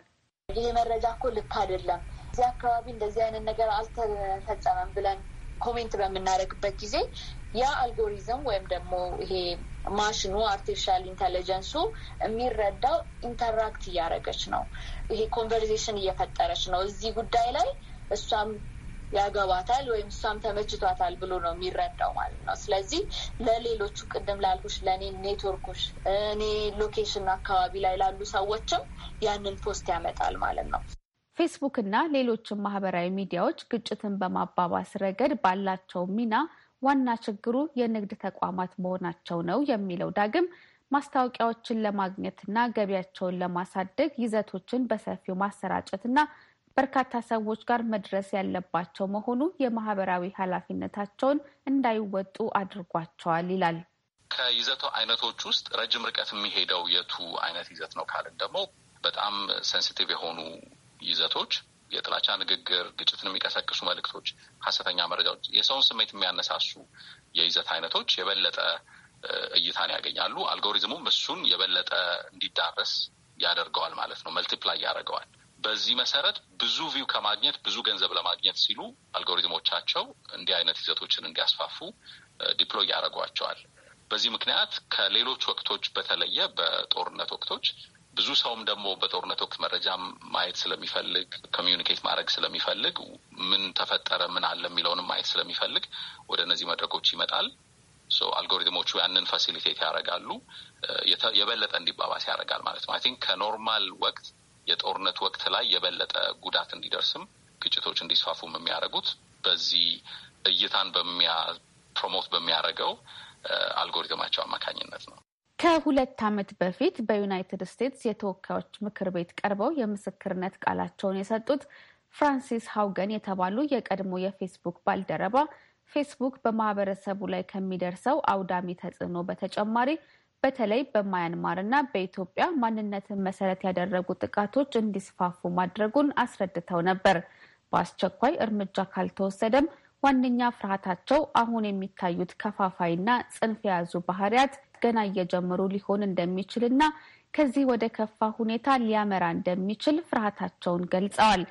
ይህ መረጃ እኮ ልክ አይደለም፣ እዚህ አካባቢ እንደዚህ አይነት ነገር አልተፈጸመም ብለን ኮሜንት በምናደርግበት ጊዜ ያ አልጎሪዝም ወይም ደግሞ ይሄ ማሽኑ አርቲፊሻል ኢንቴሊጀንሱ የሚረዳው ኢንተራክት እያደረገች ነው። ይሄ ኮንቨርዜሽን እየፈጠረች ነው። እዚህ ጉዳይ ላይ እሷም ያገባታል ወይም እሷም ተመችቷታል ብሎ ነው የሚረዳው ማለት ነው። ስለዚህ ለሌሎቹ ቅድም ላልኩሽ ለእኔ ኔትወርኮች እኔ ሎኬሽን አካባቢ ላይ ላሉ ሰዎችም ያንን ፖስት ያመጣል ማለት ነው። ፌስቡክ እና ሌሎችም ማህበራዊ ሚዲያዎች ግጭትን በማባባስ ረገድ ባላቸው ሚና ዋና ችግሩ የንግድ ተቋማት መሆናቸው ነው የሚለው ዳግም ማስታወቂያዎችን ለማግኘትና ገቢያቸውን ለማሳደግ ይዘቶችን በሰፊው ማሰራጨትና በርካታ ሰዎች ጋር መድረስ ያለባቸው መሆኑ የማህበራዊ ኃላፊነታቸውን እንዳይወጡ አድርጓቸዋል ይላል። ከይዘቱ አይነቶች ውስጥ ረጅም ርቀት የሚሄደው የቱ አይነት ይዘት ነው ካልን ደግሞ በጣም ሴንሲቲቭ የሆኑ ይዘቶች የጥላቻ ንግግር፣ ግጭትን የሚቀሰቅሱ መልእክቶች፣ ሀሰተኛ መረጃዎች፣ የሰውን ስሜት የሚያነሳሱ የይዘት አይነቶች የበለጠ እይታን ያገኛሉ። አልጎሪዝሙም እሱን የበለጠ እንዲዳረስ ያደርገዋል ማለት ነው፣ መልቲፕላይ ያደርገዋል። በዚህ መሰረት ብዙ ቪው ከማግኘት ብዙ ገንዘብ ለማግኘት ሲሉ አልጎሪዝሞቻቸው እንዲህ አይነት ይዘቶችን እንዲያስፋፉ ዲፕሎይ ያደርጓቸዋል። በዚህ ምክንያት ከሌሎች ወቅቶች በተለየ በጦርነት ወቅቶች ብዙ ሰውም ደግሞ በጦርነት ወቅት መረጃ ማየት ስለሚፈልግ ኮሚዩኒኬት ማድረግ ስለሚፈልግ ምን ተፈጠረ ምን አለ የሚለውንም ማየት ስለሚፈልግ ወደ እነዚህ መድረኮች ይመጣል። አልጎሪትሞቹ ያንን ፋሲሊቴት ያደርጋሉ፣ የበለጠ እንዲባባስ ያደርጋል ማለት ነው። አይ ቲንክ ከኖርማል ወቅት የጦርነት ወቅት ላይ የበለጠ ጉዳት እንዲደርስም ግጭቶች እንዲስፋፉም የሚያደርጉት በዚህ እይታን በሚያ ፕሮሞት በሚያደርገው አልጎሪትማቸው አማካኝነት ነው። ከሁለት ዓመት በፊት በዩናይትድ ስቴትስ የተወካዮች ምክር ቤት ቀርበው የምስክርነት ቃላቸውን የሰጡት ፍራንሲስ ሀውገን የተባሉ የቀድሞ የፌስቡክ ባልደረባ ፌስቡክ በማህበረሰቡ ላይ ከሚደርሰው አውዳሚ ተጽዕኖ በተጨማሪ በተለይ በማያንማር እና በኢትዮጵያ ማንነትን መሰረት ያደረጉ ጥቃቶች እንዲስፋፉ ማድረጉን አስረድተው ነበር። በአስቸኳይ እርምጃ ካልተወሰደም ዋነኛ ፍርሃታቸው አሁን የሚታዩት ከፋፋይና ጽንፍ የያዙ ባህሪያት ገና እየጀመሩ ሊሆን እንደሚችልና ከዚህ ወደ ከፋ ሁኔታ ሊያመራ እንደሚችል ፍርሃታቸውን ገልጸዋል።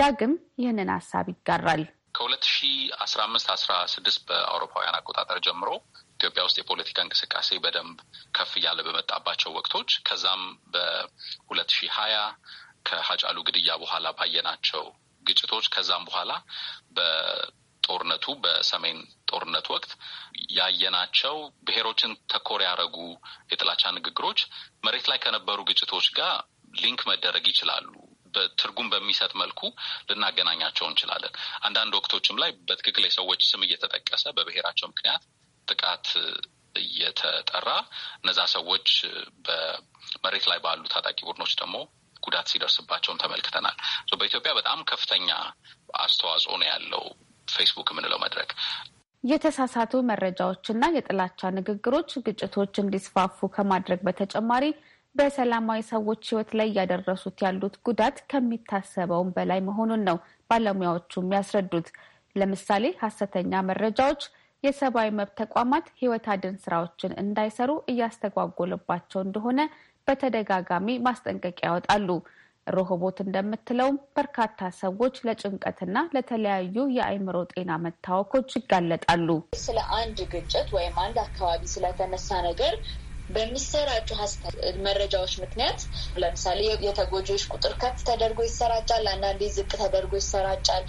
ዳግም ይህንን ሀሳብ ይጋራል። ከሁለት ሺ አስራ አምስት አስራ ስድስት በአውሮፓውያን አቆጣጠር ጀምሮ ኢትዮጵያ ውስጥ የፖለቲካ እንቅስቃሴ በደንብ ከፍ እያለ በመጣባቸው ወቅቶች ከዛም በሁለት ሺህ ሀያ ከሀጫሉ ግድያ በኋላ ባየናቸው ግጭቶች ከዛም በኋላ በጦርነቱ በሰሜን ጦርነት ወቅት ያየናቸው ብሔሮችን ተኮር ያደረጉ የጥላቻ ንግግሮች መሬት ላይ ከነበሩ ግጭቶች ጋር ሊንክ መደረግ ይችላሉ። በትርጉም በሚሰጥ መልኩ ልናገናኛቸው እንችላለን። አንዳንድ ወቅቶችም ላይ በትክክል የሰዎች ስም እየተጠቀሰ በብሔራቸው ምክንያት ጥቃት እየተጠራ እነዛ ሰዎች በመሬት ላይ ባሉ ታጣቂ ቡድኖች ደግሞ ጉዳት ሲደርስባቸውን ተመልክተናል። በኢትዮጵያ በጣም ከፍተኛ አስተዋጽኦ ነው ያለው ፌስቡክ የምንለው መድረክ። የተሳሳቱ መረጃዎችና የጥላቻ ንግግሮች ግጭቶች እንዲስፋፉ ከማድረግ በተጨማሪ በሰላማዊ ሰዎች ሕይወት ላይ እያደረሱት ያሉት ጉዳት ከሚታሰበውም በላይ መሆኑን ነው ባለሙያዎቹም ያስረዱት። ለምሳሌ ሀሰተኛ መረጃዎች የሰብአዊ መብት ተቋማት ህይወት አድን ስራዎችን እንዳይሰሩ እያስተጓጎለባቸው እንደሆነ በተደጋጋሚ ማስጠንቀቂያ ያወጣሉ። ሮሆቦት እንደምትለውም በርካታ ሰዎች ለጭንቀትና ለተለያዩ የአእምሮ ጤና መታወኮች ይጋለጣሉ። ስለ አንድ ግጭት ወይም አንድ አካባቢ ስለተነሳ ነገር በሚሰራጩ መረጃዎች ምክንያት ለምሳሌ የተጎጂዎች ቁጥር ከፍ ተደርጎ ይሰራጫል፣ አንዳንዴ ዝቅ ተደርጎ ይሰራጫል።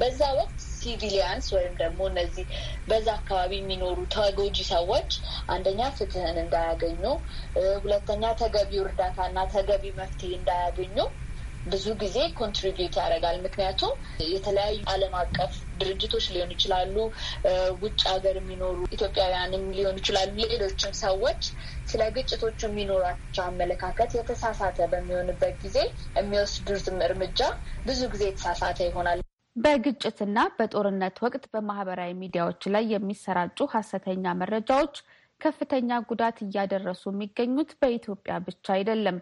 በዛ ወቅት ሲቪሊያንስ ወይም ደግሞ እነዚህ በዛ አካባቢ የሚኖሩ ተጎጂ ሰዎች አንደኛ ፍትህን እንዳያገኙ፣ ሁለተኛ ተገቢው እርዳታና ተገቢ መፍትሄ እንዳያገኙ ብዙ ጊዜ ኮንትሪቢዩት ያደርጋል። ምክንያቱም የተለያዩ ዓለም አቀፍ ድርጅቶች ሊሆን ይችላሉ፣ ውጭ ሀገር የሚኖሩ ኢትዮጵያውያንም ሊሆን ይችላሉ። ሌሎችም ሰዎች ስለ ግጭቶቹ የሚኖራቸው አመለካከት የተሳሳተ በሚሆንበት ጊዜ የሚወስዱትም እርምጃ ብዙ ጊዜ የተሳሳተ ይሆናል። በግጭትና በጦርነት ወቅት በማህበራዊ ሚዲያዎች ላይ የሚሰራጩ ሀሰተኛ መረጃዎች ከፍተኛ ጉዳት እያደረሱ የሚገኙት በኢትዮጵያ ብቻ አይደለም።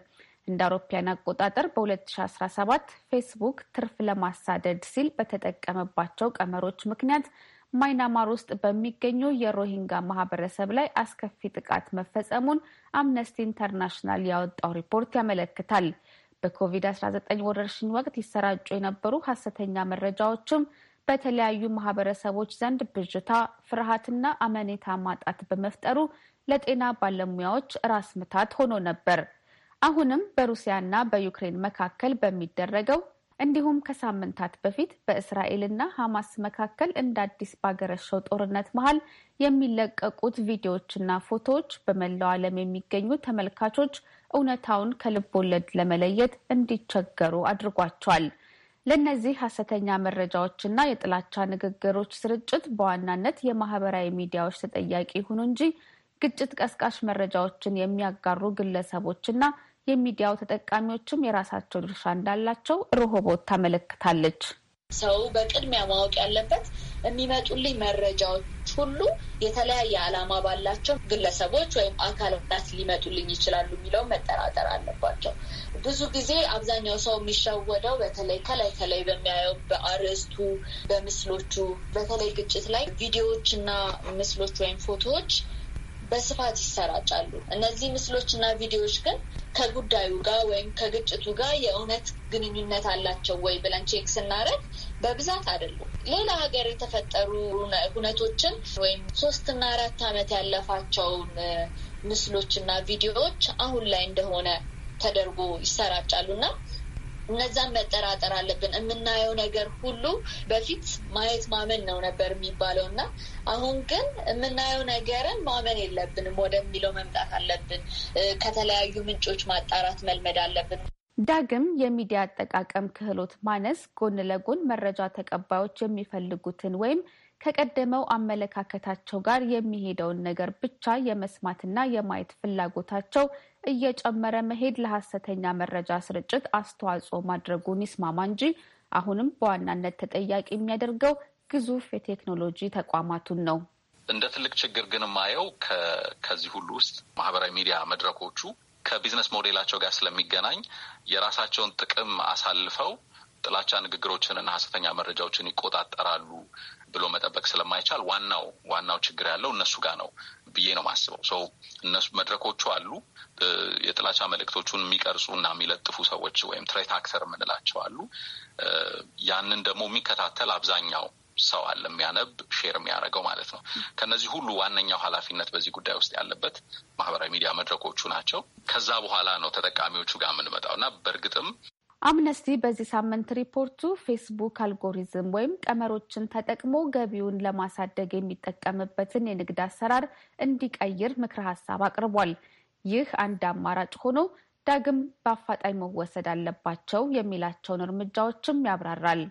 እንደ አውሮፕያን አቆጣጠር በ2017 ፌስቡክ ትርፍ ለማሳደድ ሲል በተጠቀመባቸው ቀመሮች ምክንያት ማይናማር ውስጥ በሚገኙ የሮሂንጋ ማህበረሰብ ላይ አስከፊ ጥቃት መፈጸሙን አምነስቲ ኢንተርናሽናል ያወጣው ሪፖርት ያመለክታል። በኮቪድ-19 ወረርሽኝ ወቅት ይሰራጩ የነበሩ ሀሰተኛ መረጃዎችም በተለያዩ ማህበረሰቦች ዘንድ ብዥታ፣ ፍርሃትና አመኔታ ማጣት በመፍጠሩ ለጤና ባለሙያዎች ራስ ምታት ሆኖ ነበር። አሁንም በሩሲያና በዩክሬን መካከል በሚደረገው እንዲሁም ከሳምንታት በፊት በእስራኤልና ሐማስ መካከል እንደ አዲስ ባገረሸው ጦርነት መሀል የሚለቀቁት ቪዲዮዎችና ፎቶዎች በመላው ዓለም የሚገኙ ተመልካቾች እውነታውን ከልብ ወለድ ለመለየት እንዲቸገሩ አድርጓቸዋል። ለእነዚህ ሀሰተኛ መረጃዎችና የጥላቻ ንግግሮች ስርጭት በዋናነት የማህበራዊ ሚዲያዎች ተጠያቂ ይሁኑ እንጂ ግጭት ቀስቃሽ መረጃዎችን የሚያጋሩ ግለሰቦችና የሚዲያው ተጠቃሚዎችም የራሳቸው ድርሻ እንዳላቸው ሮሆቦት ታመለክታለች። ሰው በቅድሚያ ማወቅ ያለበት የሚመጡልኝ መረጃዎች ሁሉ የተለያየ ዓላማ ባላቸው ግለሰቦች ወይም አካላት ሊመጡልኝ ይችላሉ የሚለው መጠራጠር አለባቸው። ብዙ ጊዜ አብዛኛው ሰው የሚሸወደው በተለይ ከላይ ከላይ በሚያየው በአርዕስቱ፣ በምስሎቹ በተለይ ግጭት ላይ ቪዲዮዎች እና ምስሎች ወይም ፎቶዎች በስፋት ይሰራጫሉ። እነዚህ ምስሎችና ቪዲዮዎች ግን ከጉዳዩ ጋር ወይም ከግጭቱ ጋር የእውነት ግንኙነት አላቸው ወይ ብለን ቼክ ስናደርግ በብዛት አይደሉም። ሌላ ሀገር የተፈጠሩ ሁነቶችን ወይም ሶስትና አራት ዓመት ያለፋቸውን ምስሎችና ቪዲዮዎች አሁን ላይ እንደሆነ ተደርጎ ይሰራጫሉ እና እነዛን መጠራጠር አለብን። የምናየው ነገር ሁሉ በፊት ማየት ማመን ነው ነበር የሚባለው እና አሁን ግን የምናየው ነገርን ማመን የለብንም ወደሚለው መምጣት አለብን። ከተለያዩ ምንጮች ማጣራት መልመድ አለብን። ዳግም የሚዲያ አጠቃቀም ክህሎት ማነስ ጎን ለጎን መረጃ ተቀባዮች የሚፈልጉትን ወይም ከቀደመው አመለካከታቸው ጋር የሚሄደውን ነገር ብቻ የመስማትና የማየት ፍላጎታቸው እየጨመረ መሄድ ለሐሰተኛ መረጃ ስርጭት አስተዋጽኦ ማድረጉን ይስማማ እንጂ አሁንም በዋናነት ተጠያቂ የሚያደርገው ግዙፍ የቴክኖሎጂ ተቋማቱን ነው። እንደ ትልቅ ችግር ግን ማየው ከዚህ ሁሉ ውስጥ ማህበራዊ ሚዲያ መድረኮቹ ከቢዝነስ ሞዴላቸው ጋር ስለሚገናኝ የራሳቸውን ጥቅም አሳልፈው ጥላቻ ንግግሮችንና ሀሰተኛ መረጃዎችን ይቆጣጠራሉ ብሎ መጠበቅ ስለማይቻል ዋናው ዋናው ችግር ያለው እነሱ ጋር ነው ብዬ ነው ማስበው። ሰው እነሱ መድረኮቹ አሉ። የጥላቻ መልእክቶቹን የሚቀርጹ እና የሚለጥፉ ሰዎች ወይም ትሬት አክተር የምንላቸው አሉ። ያንን ደግሞ የሚከታተል አብዛኛው ሰው አለ የሚያነብ ሼር የሚያደርገው ማለት ነው። ከነዚህ ሁሉ ዋነኛው ኃላፊነት በዚህ ጉዳይ ውስጥ ያለበት ማህበራዊ ሚዲያ መድረኮቹ ናቸው። ከዛ በኋላ ነው ተጠቃሚዎቹ ጋር የምንመጣው እና በእርግጥም አምነስቲ በዚህ ሳምንት ሪፖርቱ ፌስቡክ አልጎሪዝም ወይም ቀመሮችን ተጠቅሞ ገቢውን ለማሳደግ የሚጠቀምበትን የንግድ አሰራር እንዲቀይር ምክረ ሀሳብ አቅርቧል። ይህ አንድ አማራጭ ሆኖ ዳግም በአፋጣኝ መወሰድ አለባቸው የሚላቸውን እርምጃዎችም ያብራራል።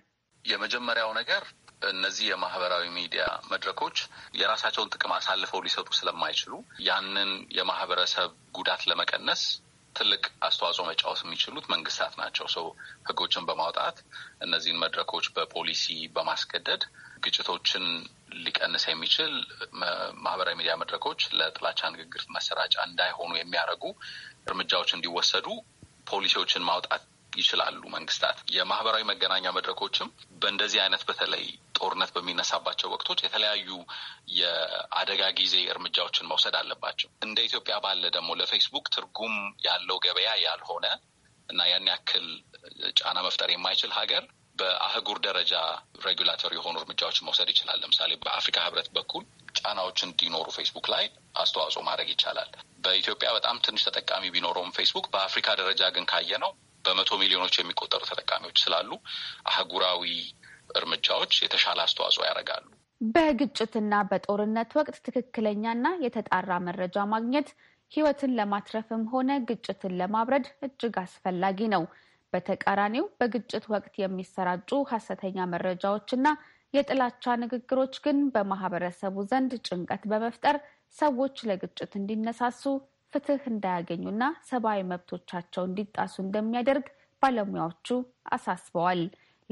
የመጀመሪያው ነገር እነዚህ የማህበራዊ ሚዲያ መድረኮች የራሳቸውን ጥቅም አሳልፈው ሊሰጡ ስለማይችሉ ያንን የማህበረሰብ ጉዳት ለመቀነስ ትልቅ አስተዋጽኦ መጫወት የሚችሉት መንግስታት ናቸው። ሰው ህጎችን በማውጣት እነዚህን መድረኮች በፖሊሲ በማስገደድ ግጭቶችን ሊቀንስ የሚችል ማህበራዊ ሚዲያ መድረኮች ለጥላቻ ንግግር መሰራጫ እንዳይሆኑ የሚያደርጉ እርምጃዎች እንዲወሰዱ ፖሊሲዎችን ማውጣት ይችላሉ መንግስታት። የማህበራዊ መገናኛ መድረኮችም በእንደዚህ አይነት በተለይ ጦርነት በሚነሳባቸው ወቅቶች የተለያዩ የአደጋ ጊዜ እርምጃዎችን መውሰድ አለባቸው። እንደ ኢትዮጵያ ባለ ደግሞ ለፌስቡክ ትርጉም ያለው ገበያ ያልሆነ እና ያን ያክል ጫና መፍጠር የማይችል ሀገር በአህጉር ደረጃ ሬጉላቶሪ የሆኑ እርምጃዎችን መውሰድ ይችላል። ለምሳሌ በአፍሪካ ህብረት በኩል ጫናዎች እንዲኖሩ ፌስቡክ ላይ አስተዋጽኦ ማድረግ ይቻላል። በኢትዮጵያ በጣም ትንሽ ተጠቃሚ ቢኖረውም ፌስቡክ በአፍሪካ ደረጃ ግን ካየ ነው በመቶ ሚሊዮኖች የሚቆጠሩ ተጠቃሚዎች ስላሉ አህጉራዊ እርምጃዎች የተሻለ አስተዋጽኦ ያደርጋሉ። በግጭትና በጦርነት ወቅት ትክክለኛና የተጣራ መረጃ ማግኘት ሕይወትን ለማትረፍም ሆነ ግጭትን ለማብረድ እጅግ አስፈላጊ ነው። በተቃራኒው በግጭት ወቅት የሚሰራጩ ሀሰተኛ መረጃዎችና የጥላቻ ንግግሮች ግን በማህበረሰቡ ዘንድ ጭንቀት በመፍጠር ሰዎች ለግጭት እንዲነሳሱ ፍትህ እንዳያገኙና ሰብአዊ መብቶቻቸው እንዲጣሱ እንደሚያደርግ ባለሙያዎቹ አሳስበዋል።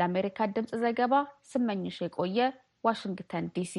ለአሜሪካ ድምፅ ዘገባ ስመኝሽ የቆየ ዋሽንግተን ዲሲ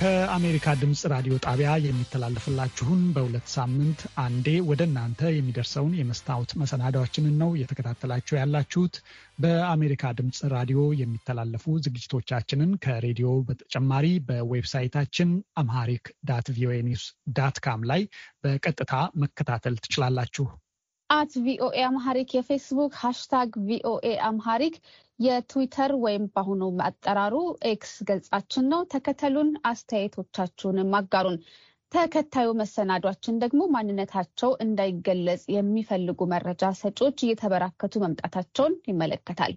ከአሜሪካ ድምፅ ራዲዮ ጣቢያ የሚተላለፍላችሁን በሁለት ሳምንት አንዴ ወደ እናንተ የሚደርሰውን የመስታወት መሰናዳዎችንን ነው እየተከታተላችሁ ያላችሁት። በአሜሪካ ድምፅ ራዲዮ የሚተላለፉ ዝግጅቶቻችንን ከሬዲዮ በተጨማሪ በዌብሳይታችን አምሃሪክ ዳት ቪኦኤ ኒውስ ዳት ካም ላይ በቀጥታ መከታተል ትችላላችሁ። አት ቪኦኤ አምሃሪክ የፌስቡክ ሃሽታግ ቪኦኤ አምሃሪክ የትዊተር ወይም በአሁኑ አጠራሩ ኤክስ ገጻችን ነው። ተከተሉን፣ አስተያየቶቻችሁንም አጋሩን። ተከታዩ መሰናዷችን ደግሞ ማንነታቸው እንዳይገለጽ የሚፈልጉ መረጃ ሰጪዎች እየተበራከቱ መምጣታቸውን ይመለከታል።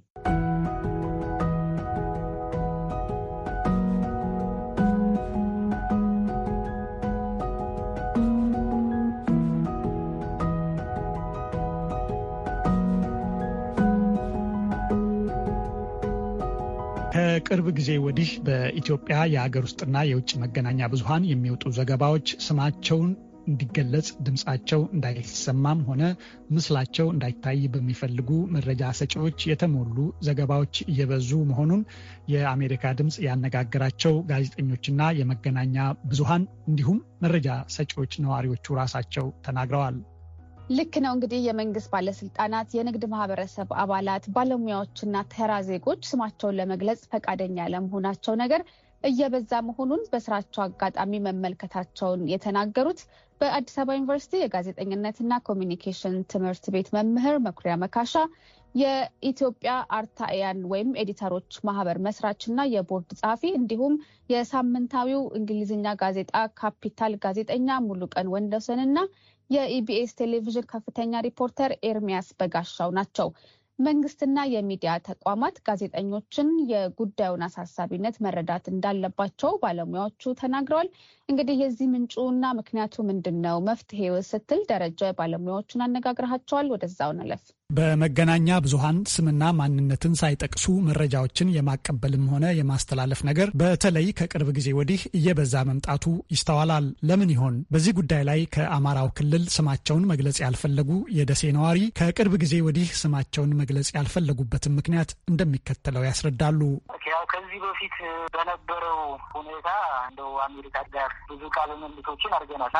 ከቅርብ ጊዜ ወዲህ በኢትዮጵያ የሀገር ውስጥና የውጭ መገናኛ ብዙሃን የሚወጡ ዘገባዎች ስማቸውን እንዲገለጽ ድምፃቸው እንዳይሰማም ሆነ ምስላቸው እንዳይታይ በሚፈልጉ መረጃ ሰጪዎች የተሞሉ ዘገባዎች እየበዙ መሆኑን የአሜሪካ ድምፅ ያነጋገራቸው ጋዜጠኞችና የመገናኛ ብዙሃን እንዲሁም መረጃ ሰጪዎች ነዋሪዎቹ ራሳቸው ተናግረዋል። ልክ ነው እንግዲህ የመንግስት ባለስልጣናት፣ የንግድ ማህበረሰብ አባላት፣ ባለሙያዎችና ተራ ዜጎች ስማቸውን ለመግለጽ ፈቃደኛ ያለመሆናቸው ነገር እየበዛ መሆኑን በስራቸው አጋጣሚ መመልከታቸውን የተናገሩት በአዲስ አበባ ዩኒቨርሲቲ የጋዜጠኝነትና ኮሚኒኬሽን ትምህርት ቤት መምህር መኩሪያ መካሻ የኢትዮጵያ አርታኢያን ወይም ኤዲተሮች ማህበር መስራችና የቦርድ ጸሐፊ እንዲሁም የሳምንታዊው እንግሊዝኛ ጋዜጣ ካፒታል ጋዜጠኛ ሙሉቀን ወንደሰንና የኢቢኤስ ቴሌቪዥን ከፍተኛ ሪፖርተር ኤርሚያስ በጋሻው ናቸው። መንግስትና የሚዲያ ተቋማት ጋዜጠኞችን የጉዳዩን አሳሳቢነት መረዳት እንዳለባቸው ባለሙያዎቹ ተናግረዋል። እንግዲህ የዚህ ምንጩና ምክንያቱ ምንድን ነው? መፍትሄው ስትል ደረጃ ባለሙያዎቹን አነጋግረሃቸዋል። ወደዛው ንለፍ። በመገናኛ ብዙሃን ስምና ማንነትን ሳይጠቅሱ መረጃዎችን የማቀበልም ሆነ የማስተላለፍ ነገር በተለይ ከቅርብ ጊዜ ወዲህ እየበዛ መምጣቱ ይስተዋላል። ለምን ይሆን? በዚህ ጉዳይ ላይ ከአማራው ክልል ስማቸውን መግለጽ ያልፈለጉ የደሴ ነዋሪ ከቅርብ ጊዜ ወዲህ ስማቸውን መግለጽ ያልፈለጉበትን ምክንያት እንደሚከተለው ያስረዳሉ። ያው ከዚህ በፊት በነበረው ሁኔታ እንደው አሜሪካ ጋር ብዙ ቃለ ምልልሶችን አድርገናል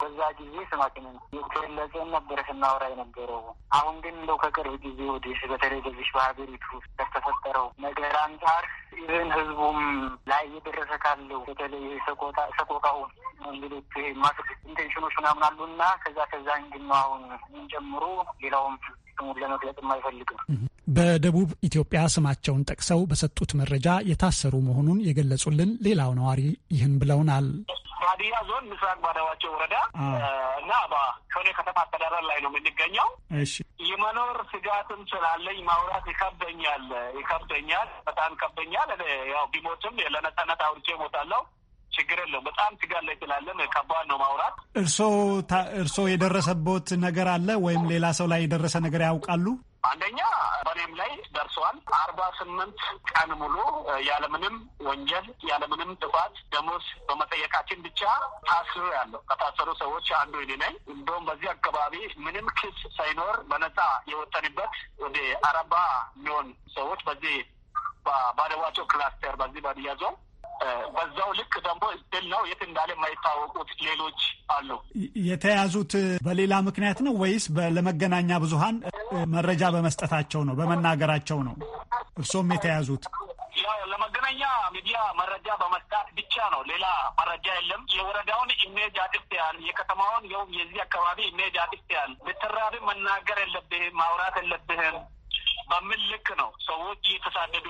በዛ ጊዜ ስማችንን ገለጽን ነበረ ስናወራ የነበረው አሁን ግን እንደው ከቅርብ ጊዜ ወዲህ በተለይ በዚህ በሀገሪቱ ከተፈጠረው ነገር አንጻር ይህን ህዝቡም ላይ እየደረሰ ካለው በተለይ ሰቆጣ ሰቆቃው እንግዲህ ማስግ ኢንቴንሽኖች ምናምን አሉና ከዛ ከዛ እንግዲህ አሁን ምን ጨምሮ ሌላውም ስሙን ለመግለጽ አይፈልግም። በደቡብ ኢትዮጵያ ስማቸውን ጠቅሰው በሰጡት መረጃ የታሰሩ መሆኑን የገለጹልን ሌላው ነዋሪ ይህን ብለውናል። ሀዲያ ዞን ምስራቅ ባዳዋቸው ወረዳ እና በሾኔ ከተማ አስተዳደር ላይ ነው የምንገኘው። የመኖር ስጋትም ስላለኝ ማውራት ይከብደኛል ይከብደኛል በጣም ይከብደኛል። ያው ቢሞትም ለነጻነት አውርቼ እሞታለሁ። ችግር የለውም። በጣም ስጋት ላይ ስላለን ከባድ ነው ማውራት። እርሶ እርሶ የደረሰቦት ነገር አለ ወይም ሌላ ሰው ላይ የደረሰ ነገር ያውቃሉ? አንደኛ በእኔም ላይ ደርሰዋል። አርባ ስምንት ቀን ሙሉ ያለምንም ወንጀል ያለምንም ጥፋት ደሞዝ በመጠየቃችን ብቻ ታስሮ ያለው ከታሰሩ ሰዎች አንዱ እኔ ነኝ። እንደውም በዚህ አካባቢ ምንም ክስ ሳይኖር በነፃ የወጠንበት ወደ አረባ የሚሆን ሰዎች በዚህ ባደዋቸው ክላስተር በዚህ በድያ በዛው ልክ ደግሞ ነው የት እንዳለ የማይታወቁት ሌሎች አሉ። የተያዙት በሌላ ምክንያት ነው ወይስ ለመገናኛ ብዙኃን መረጃ በመስጠታቸው ነው በመናገራቸው ነው? እርስም የተያዙት ለመገናኛ ሚዲያ መረጃ በመስጣት ብቻ ነው። ሌላ መረጃ የለም። የወረዳውን ኢሜጅ አጥፍተያል። የከተማውን የዚህ አካባቢ ኢሜጅ አጥፍተያል። ብትራብ መናገር የለብህም ማውራት የለብህም በምን ልክ ነው ሰዎች እየተሳደዱ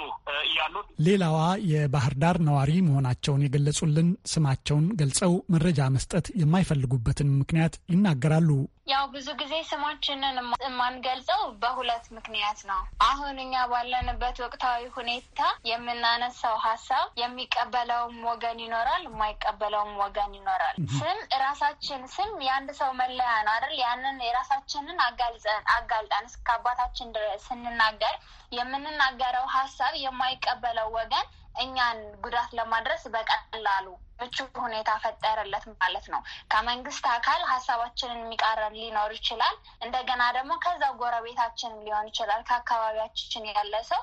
እያሉት? ሌላዋ የባህር ዳር ነዋሪ መሆናቸውን የገለጹልን ስማቸውን ገልጸው መረጃ መስጠት የማይፈልጉበትን ምክንያት ይናገራሉ። ያው ብዙ ጊዜ ስማችንን የማንገልጸው በሁለት ምክንያት ነው። አሁን እኛ ባለንበት ወቅታዊ ሁኔታ የምናነሳው ሀሳብ የሚቀበለውም ወገን ይኖራል፣ የማይቀበለውም ወገን ይኖራል። ስም ራሳችን ስም የአንድ ሰው መለያ ነው አይደል? ያንን የራሳችንን አጋልጠን አጋልጠን እስከ አባታችን ድረስ ስንና ስንናገር የምንናገረው ሀሳብ የማይቀበለው ወገን እኛን ጉዳት ለማድረስ በቀላሉ ምቹ ሁኔታ ፈጠረለት ማለት ነው። ከመንግስት አካል ሀሳባችንን የሚቃረን ሊኖር ይችላል። እንደገና ደግሞ ከዛ ጎረቤታችን ሊሆን ይችላል። ከአካባቢያችን ያለ ሰው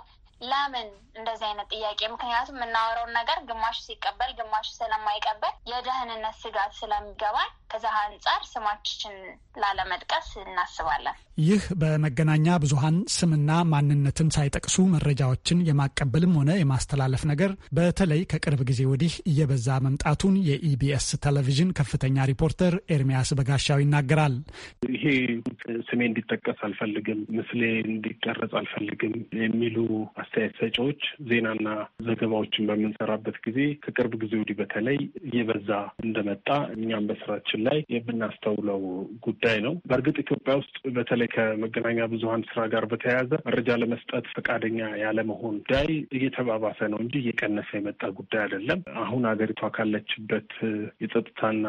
ለምን እንደዚህ አይነት ጥያቄ? ምክንያቱም የምናወራውን ነገር ግማሽ ሲቀበል፣ ግማሽ ስለማይቀበል የደህንነት ስጋት ስለሚገባል ከዛ አንጻር ስማችን ላለመጥቀስ እናስባለን። ይህ በመገናኛ ብዙኃን ስምና ማንነትን ሳይጠቅሱ መረጃዎችን የማቀበልም ሆነ የማስተላለፍ ነገር በተለይ ከቅርብ ጊዜ ወዲህ እየበዛ መምጣቱን የኢቢኤስ ቴሌቪዥን ከፍተኛ ሪፖርተር ኤርሚያስ በጋሻው ይናገራል። ይሄ ስሜ እንዲጠቀስ አልፈልግም፣ ምስሌ እንዲቀረጽ አልፈልግም የሚሉ አስተያየት ሰጪዎች ዜናና ዘገባዎችን በምንሰራበት ጊዜ ከቅርብ ጊዜ ወዲህ በተለይ እየበዛ እንደመጣ እኛም በስራችን ላይ የምናስተውለው ጉዳይ ነው። በእርግጥ ኢትዮጵያ ውስጥ በተለይ ከመገናኛ ብዙኃን ስራ ጋር በተያያዘ መረጃ ለመስጠት ፈቃደኛ ያለመሆን ጉዳይ እየተባባሰ ነው እንጂ እየቀነሰ የመጣ ጉዳይ አይደለም። አሁን ሀገሪቷ ካለችበት የጸጥታና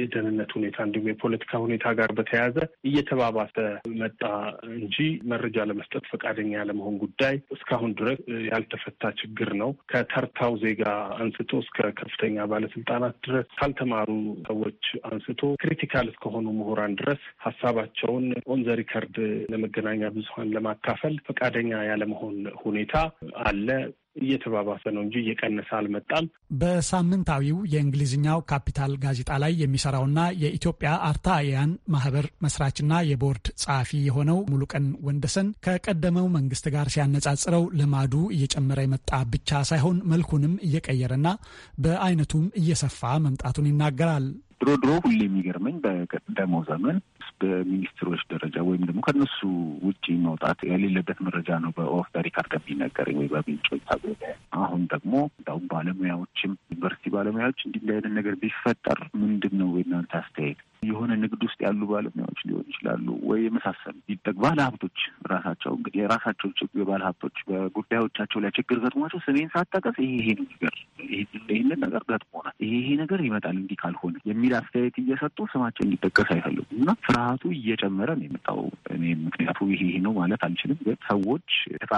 የደህንነት ሁኔታ እንዲሁም የፖለቲካ ሁኔታ ጋር በተያያዘ እየተባባሰ መጣ እንጂ መረጃ ለመስጠት ፈቃደኛ ያለመሆን ጉዳይ እስካሁን ድረስ ያልተፈታ ችግር ነው። ከተርታው ዜጋ አንስቶ እስከ ከፍተኛ ባለስልጣናት ድረስ ካልተማሩ ሰዎች አንስ አንስቶ ክሪቲካል እስከሆኑ ምሁራን ድረስ ሀሳባቸውን ኦን ዘ ሪከርድ ለመገናኛ ብዙሀን ለማካፈል ፈቃደኛ ያለመሆን ሁኔታ አለ። እየተባባሰ ነው እንጂ እየቀነሰ አልመጣም። በሳምንታዊው የእንግሊዝኛው ካፒታል ጋዜጣ ላይ የሚሰራውና የኢትዮጵያ አርታያን ማህበር መስራችና የቦርድ ጸሐፊ የሆነው ሙሉቀን ወንደሰን ከቀደመው መንግስት ጋር ሲያነጻጽረው ልማዱ እየጨመረ የመጣ ብቻ ሳይሆን መልኩንም እየቀየረና በአይነቱም እየሰፋ መምጣቱን ይናገራል። ድሮ ድሮ ሁሌ የሚገርመኝ በቀደመው ዘመን በሚኒስትሮች ደረጃ ወይም ደግሞ ከነሱ ውጭ መውጣት የሌለበት መረጃ ነው። በኦፍ በሪካርድ ቢነገረኝ ወይ በምንጮ አሁን ደግሞ እንዳሁም ባለሙያዎችም ዩኒቨርሲቲ ባለሙያዎች እንዲህ አይነት ነገር ቢፈጠር ምንድን ነው የእናንተ አስተያየት? የሆነ ንግድ ውስጥ ያሉ ባለሙያዎች ሊሆን ይችላሉ ወይ የመሳሰሉ ይጠቅ ባለ ሀብቶች ራሳቸው እንግዲህ የራሳቸው የባለ ሀብቶች በጉዳዮቻቸው ላይ ችግር ገጥሟቸው ስሜን ሳጠቀስ ይሄ ይሄ ነገር ይህንን ነገር ገጥሞናል፣ ይሄ ይሄ ነገር ይመጣል እንዲህ ካልሆነ የሚል አስተያየት እየሰጡ ስማቸው እንዲጠቀስ አይፈልጉም እና ፍርሃቱ እየጨመረ ነው የመጣው። እኔ ምክንያቱ ይሄ ይሄ ነው ማለት አልችልም፣ ግን ሰዎች እጣ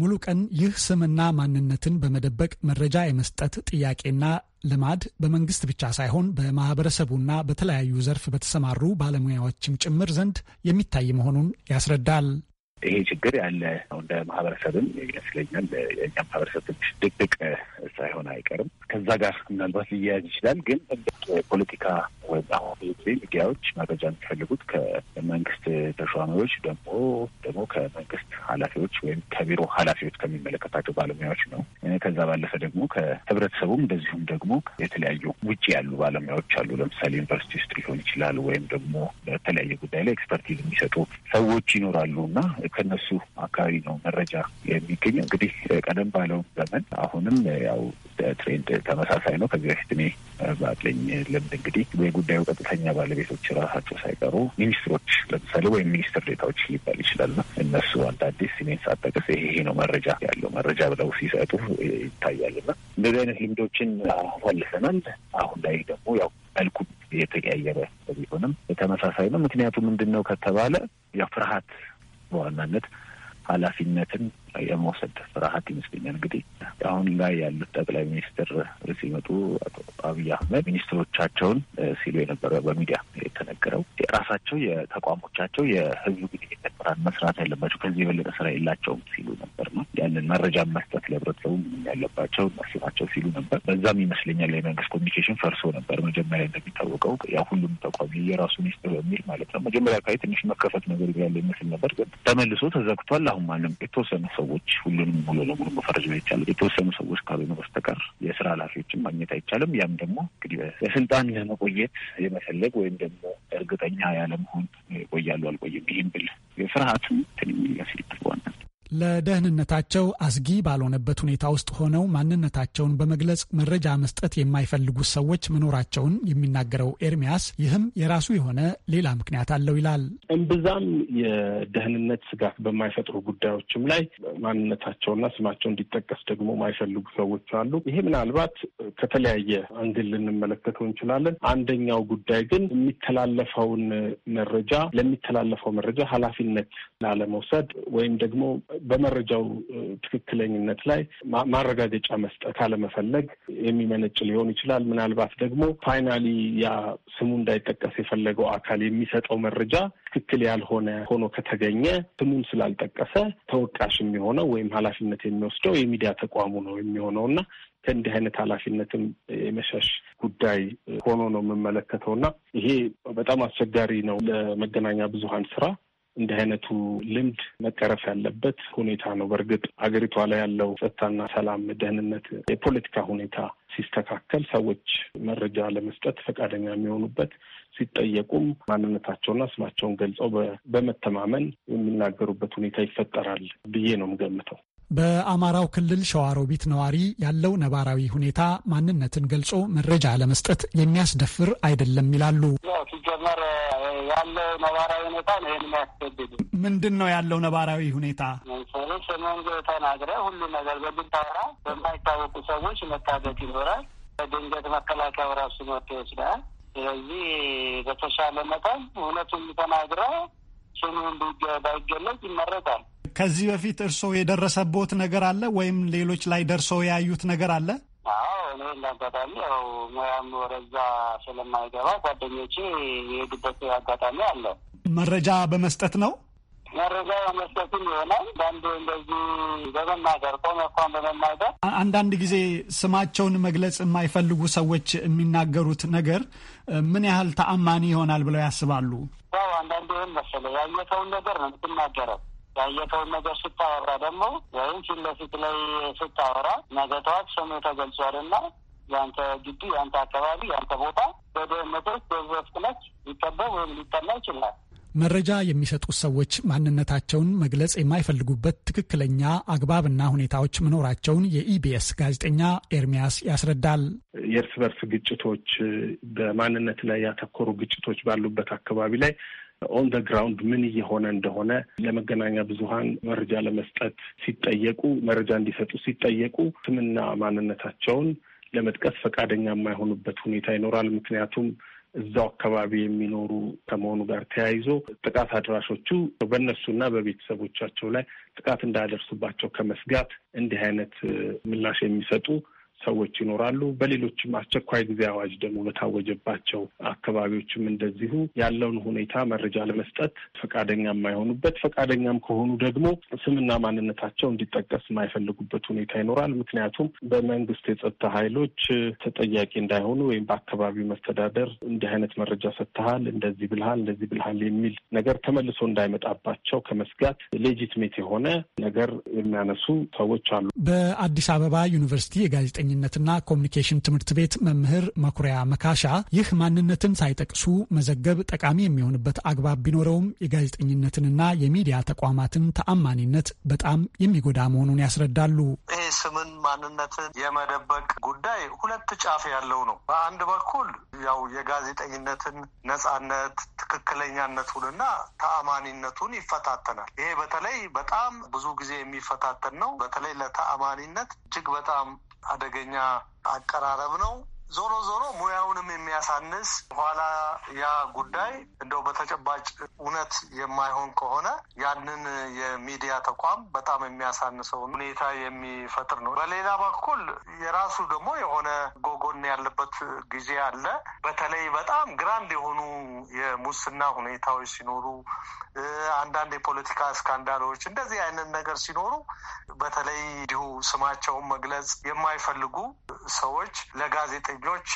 ሙሉ ቀን ይህ ስምና ማንነትን በመደበቅ መረጃ የመስጠት ጥያቄና ልማድ በመንግስት ብቻ ሳይሆን በማህበረሰቡና በተለያዩ ዘርፍ በተሰማሩ ባለሙያዎችም ጭምር ዘንድ የሚታይ መሆኑን ያስረዳል። ይሄ ችግር ያለ እንደ ማህበረሰብም ይመስለኛል። የእኛ ማህበረሰብ ትንሽ ድቅድቅ ሳይሆን አይቀርም። ከዛ ጋር ምናልባት ሊያያዝ ይችላል። ግን ፖለቲካ ወይም አሁን ጊዜ ሚዲያዎች መረጃ የሚፈልጉት ከመንግስት ተሿሚዎች ደግሞ ደግሞ ከመንግስት ኃላፊዎች ወይም ከቢሮ ኃላፊዎች ከሚመለከታቸው ባለሙያዎች ነው። ከዛ ባለፈ ደግሞ ከህብረተሰቡም እንደዚሁም ደግሞ የተለያዩ ውጭ ያሉ ባለሙያዎች አሉ። ለምሳሌ ዩኒቨርሲቲ ውስጥ ሊሆን ይችላል ወይም ደግሞ በተለያየ ጉዳይ ላይ ኤክስፐርቲዝ የሚሰጡ ሰዎች ይኖራሉ እና ከነሱ አካባቢ ነው መረጃ የሚገኘው። እንግዲህ ቀደም ባለው ዘመን አሁንም ያው ትሬንድ ተመሳሳይ ነው። ከዚህ በፊት እኔ ባለኝ ልምድ እንግዲህ የጉዳዩ ቀጥተኛ ባለቤቶች ራሳቸው ሳይቀሩ ሚኒስትሮች ለምሳሌ ወይም ሚኒስትር ዴታዎች ሊባል ይችላል ነው እነሱ አንዳንዴ ስሜን ሳጠቅስ ይሄ ነው መረጃ ያለው መረጃ ብለው ሲሰጡ ና እንደዚህ አይነት ልምዶችን አሳልፈናል። አሁን ላይ ደግሞ ያው መልኩ የተቀያየረ ቢሆንም ተመሳሳይ ነው። ምክንያቱ ምንድን ነው ከተባለ ያው ፍርሃት በዋናነት ኃላፊነትን የመውሰድ ፍርሃት ይመስለኛል። እንግዲህ አሁን ላይ ያሉት ጠቅላይ ሚኒስትር ሲመጡ አቶ አብይ አህመድ ሚኒስትሮቻቸውን ሲሉ የነበረ በሚዲያ የተነገረው የራሳቸው የተቋሞቻቸው የህዝብ ግንኙነት ብራን መስራት ያለባቸው ከዚህ የበለጠ ስራ የላቸውም ሲሉ ነበር ነው ያንን መረጃ መስጠት ለህብረተሰቡ ያለባቸው እነሱ ሲሉ ነበር። በዛም ይመስለኛል የመንግስት ኮሚኒኬሽን ፈርሶ ነበር። መጀመሪያ እንደሚታወቀው ያ ሁሉም ተቋሚ የራሱ ሚኒስትር በሚል ማለት ነው። መጀመሪያ አካባቢ ትንሽ መከፈት ነገር ያለ ይመስል ነበር፣ ግን ተመልሶ ተዘግቷል። አሁን ማለም የተወሰነ ሰዎች ሁሉንም ሙሉ ለሙሉ መፈረጅ ነው አይቻልም። የተወሰኑ ሰዎች ካልሆነ በስተቀር የስራ ኃላፊዎችን ማግኘት አይቻልም። ያም ደግሞ እንግዲህ በስልጣን ለመቆየት የመፈለግ ወይም ደግሞ እርግጠኛ ያለመሆን ቆያሉ አልቆይም ይህም ብል የፍርሃትም ትንኛ የሚያስልበት በዋናነት ለደህንነታቸው አስጊ ባልሆነበት ሁኔታ ውስጥ ሆነው ማንነታቸውን በመግለጽ መረጃ መስጠት የማይፈልጉ ሰዎች መኖራቸውን የሚናገረው ኤርሚያስ ይህም የራሱ የሆነ ሌላ ምክንያት አለው ይላል። እምብዛም የደህንነት ስጋት በማይፈጥሩ ጉዳዮችም ላይ ማንነታቸውና ስማቸው እንዲጠቀስ ደግሞ የማይፈልጉ ሰዎች አሉ። ይሄ ምናልባት ከተለያየ አንግል ልንመለከተው እንችላለን። አንደኛው ጉዳይ ግን የሚተላለፈውን መረጃ ለሚተላለፈው መረጃ ኃላፊነት ላለመውሰድ ወይም ደግሞ በመረጃው ትክክለኝነት ላይ ማረጋገጫ መስጠት አለመፈለግ የሚመነጭ ሊሆን ይችላል። ምናልባት ደግሞ ፋይናሊ ያ ስሙ እንዳይጠቀስ የፈለገው አካል የሚሰጠው መረጃ ትክክል ያልሆነ ሆኖ ከተገኘ ስሙን ስላልጠቀሰ ተወቃሽ የሚሆነው ወይም ኃላፊነት የሚወስደው የሚዲያ ተቋሙ ነው የሚሆነው እና ከእንዲህ አይነት ኃላፊነትም የመሸሽ ጉዳይ ሆኖ ነው የምመለከተው እና ይሄ በጣም አስቸጋሪ ነው ለመገናኛ ብዙኃን ስራ እንዲህ አይነቱ ልምድ መቀረፍ ያለበት ሁኔታ ነው። በእርግጥ አገሪቷ ላይ ያለው ጸጥታና ሰላም፣ ደህንነት፣ የፖለቲካ ሁኔታ ሲስተካከል ሰዎች መረጃ ለመስጠት ፈቃደኛ የሚሆኑበት ሲጠየቁም ማንነታቸውና ስማቸውን ገልጸው በመተማመን የሚናገሩበት ሁኔታ ይፈጠራል ብዬ ነው የምገምተው። በአማራው ክልል ሸዋሮቢት ነዋሪ ያለው ነባራዊ ሁኔታ ማንነትን ገልጾ መረጃ ለመስጠት የሚያስደፍር አይደለም ይላሉ። ሲጀመር ያለው ነባራዊ ሁኔታ ነው የሚያስገድድ። ምንድን ነው ያለው ነባራዊ ሁኔታ? ስምን ተናግረ ሁሉ ነገር በግል ታወራ፣ በማይታወቁ ሰዎች መታገት ይኖራል። ድንገት መከላከያ ራሱ መቶ ይወስዳል። ስለዚህ በተሻለ መጠን እውነቱን ተናግረ ስሙ ባይገለጽ ይመረጣል። ከዚህ በፊት እርስዎ የደረሰቦት ነገር አለ ወይም ሌሎች ላይ ደርሰው ያዩት ነገር አለ? እኔ እንዳጋጣሚ ያው ሙያም ወደዛ ስለማይገባ ጓደኞቼ የሄዱበት አጋጣሚ አለ። መረጃ በመስጠት ነው መረጃ በመስጠትም ይሆናል። በአንዱ እንደዚህ በመናገር ቆመ እንኳን በመናገር አንዳንድ ጊዜ ስማቸውን መግለጽ የማይፈልጉ ሰዎች የሚናገሩት ነገር ምን ያህል ተአማኒ ይሆናል ብለው ያስባሉ? ያው አንዳንድ ይህን መሰለህ ያየተውን ነገር ነው የምትናገረው ያየከውን ነገር ስታወራ ደግሞ ወይም ፊት ለፊት ላይ ስታወራ ነገ ጠዋት ተገልጿል ተገልጿልና የአንተ ግቢ፣ የአንተ አካባቢ፣ የአንተ ቦታ በደህንነቶች በዘፍጥነት ሊጠበብ ወይም ሊጠና ይችላል። መረጃ የሚሰጡት ሰዎች ማንነታቸውን መግለጽ የማይፈልጉበት ትክክለኛ አግባብና ሁኔታዎች መኖራቸውን የኢቢኤስ ጋዜጠኛ ኤርሚያስ ያስረዳል። የእርስ በርስ ግጭቶች፣ በማንነት ላይ ያተኮሩ ግጭቶች ባሉበት አካባቢ ላይ ኦን ዘ ግራውንድ ምን እየሆነ እንደሆነ ለመገናኛ ብዙሀን መረጃ ለመስጠት ሲጠየቁ መረጃ እንዲሰጡ ሲጠየቁ ስምና ማንነታቸውን ለመጥቀስ ፈቃደኛ የማይሆኑበት ሁኔታ ይኖራል። ምክንያቱም እዛው አካባቢ የሚኖሩ ከመሆኑ ጋር ተያይዞ ጥቃት አድራሾቹ በእነሱና በቤተሰቦቻቸው ላይ ጥቃት እንዳያደርሱባቸው ከመስጋት እንዲህ አይነት ምላሽ የሚሰጡ ሰዎች ይኖራሉ። በሌሎችም አስቸኳይ ጊዜ አዋጅ ደግሞ በታወጀባቸው አካባቢዎችም እንደዚሁ ያለውን ሁኔታ መረጃ ለመስጠት ፈቃደኛ የማይሆኑበት፣ ፈቃደኛም ከሆኑ ደግሞ ስምና ማንነታቸው እንዲጠቀስ የማይፈልጉበት ሁኔታ ይኖራል። ምክንያቱም በመንግስት የጸጥታ ኃይሎች ተጠያቂ እንዳይሆኑ ወይም በአካባቢው መስተዳደር እንዲህ አይነት መረጃ ሰጥተሃል፣ እንደዚህ ብልሃል፣ እንደዚህ ብልሃል የሚል ነገር ተመልሶ እንዳይመጣባቸው ከመስጋት ሌጂትሜት የሆነ ነገር የሚያነሱ ሰዎች አሉ። በአዲስ አበባ ዩኒቨርሲቲ የጋዜጠኛ ጋዜጠኝነትና ኮሚኒኬሽን ትምህርት ቤት መምህር መኩሪያ መካሻ ይህ ማንነትን ሳይጠቅሱ መዘገብ ጠቃሚ የሚሆንበት አግባብ ቢኖረውም የጋዜጠኝነትንና የሚዲያ ተቋማትን ተአማኒነት በጣም የሚጎዳ መሆኑን ያስረዳሉ። ይህ ስምን ማንነትን የመደበቅ ጉዳይ ሁለት ጫፍ ያለው ነው። በአንድ በኩል ያው የጋዜጠኝነትን ነጻነት ትክክለኛነቱንና ተአማኒነቱን ይፈታተናል። ይሄ በተለይ በጣም ብዙ ጊዜ የሚፈታተን ነው። በተለይ ለተአማኒነት እጅግ በጣም አደገኛ አቀራረብ ነው። ዞሮ ዞሮ ሙያውንም የሚያሳንስ በኋላ ያ ጉዳይ እንደው በተጨባጭ እውነት የማይሆን ከሆነ ያንን የሚዲያ ተቋም በጣም የሚያሳንሰውን ሁኔታ የሚፈጥር ነው። በሌላ በኩል የራሱ ደግሞ የሆነ ጎ ጊዜ አለ። በተለይ በጣም ግራንድ የሆኑ የሙስና ሁኔታዎች ሲኖሩ፣ አንዳንድ የፖለቲካ እስካንዳሎች፣ እንደዚህ አይነት ነገር ሲኖሩ በተለይ እንዲሁ ስማቸውን መግለጽ የማይፈልጉ ሰዎች ለጋዜጠኞች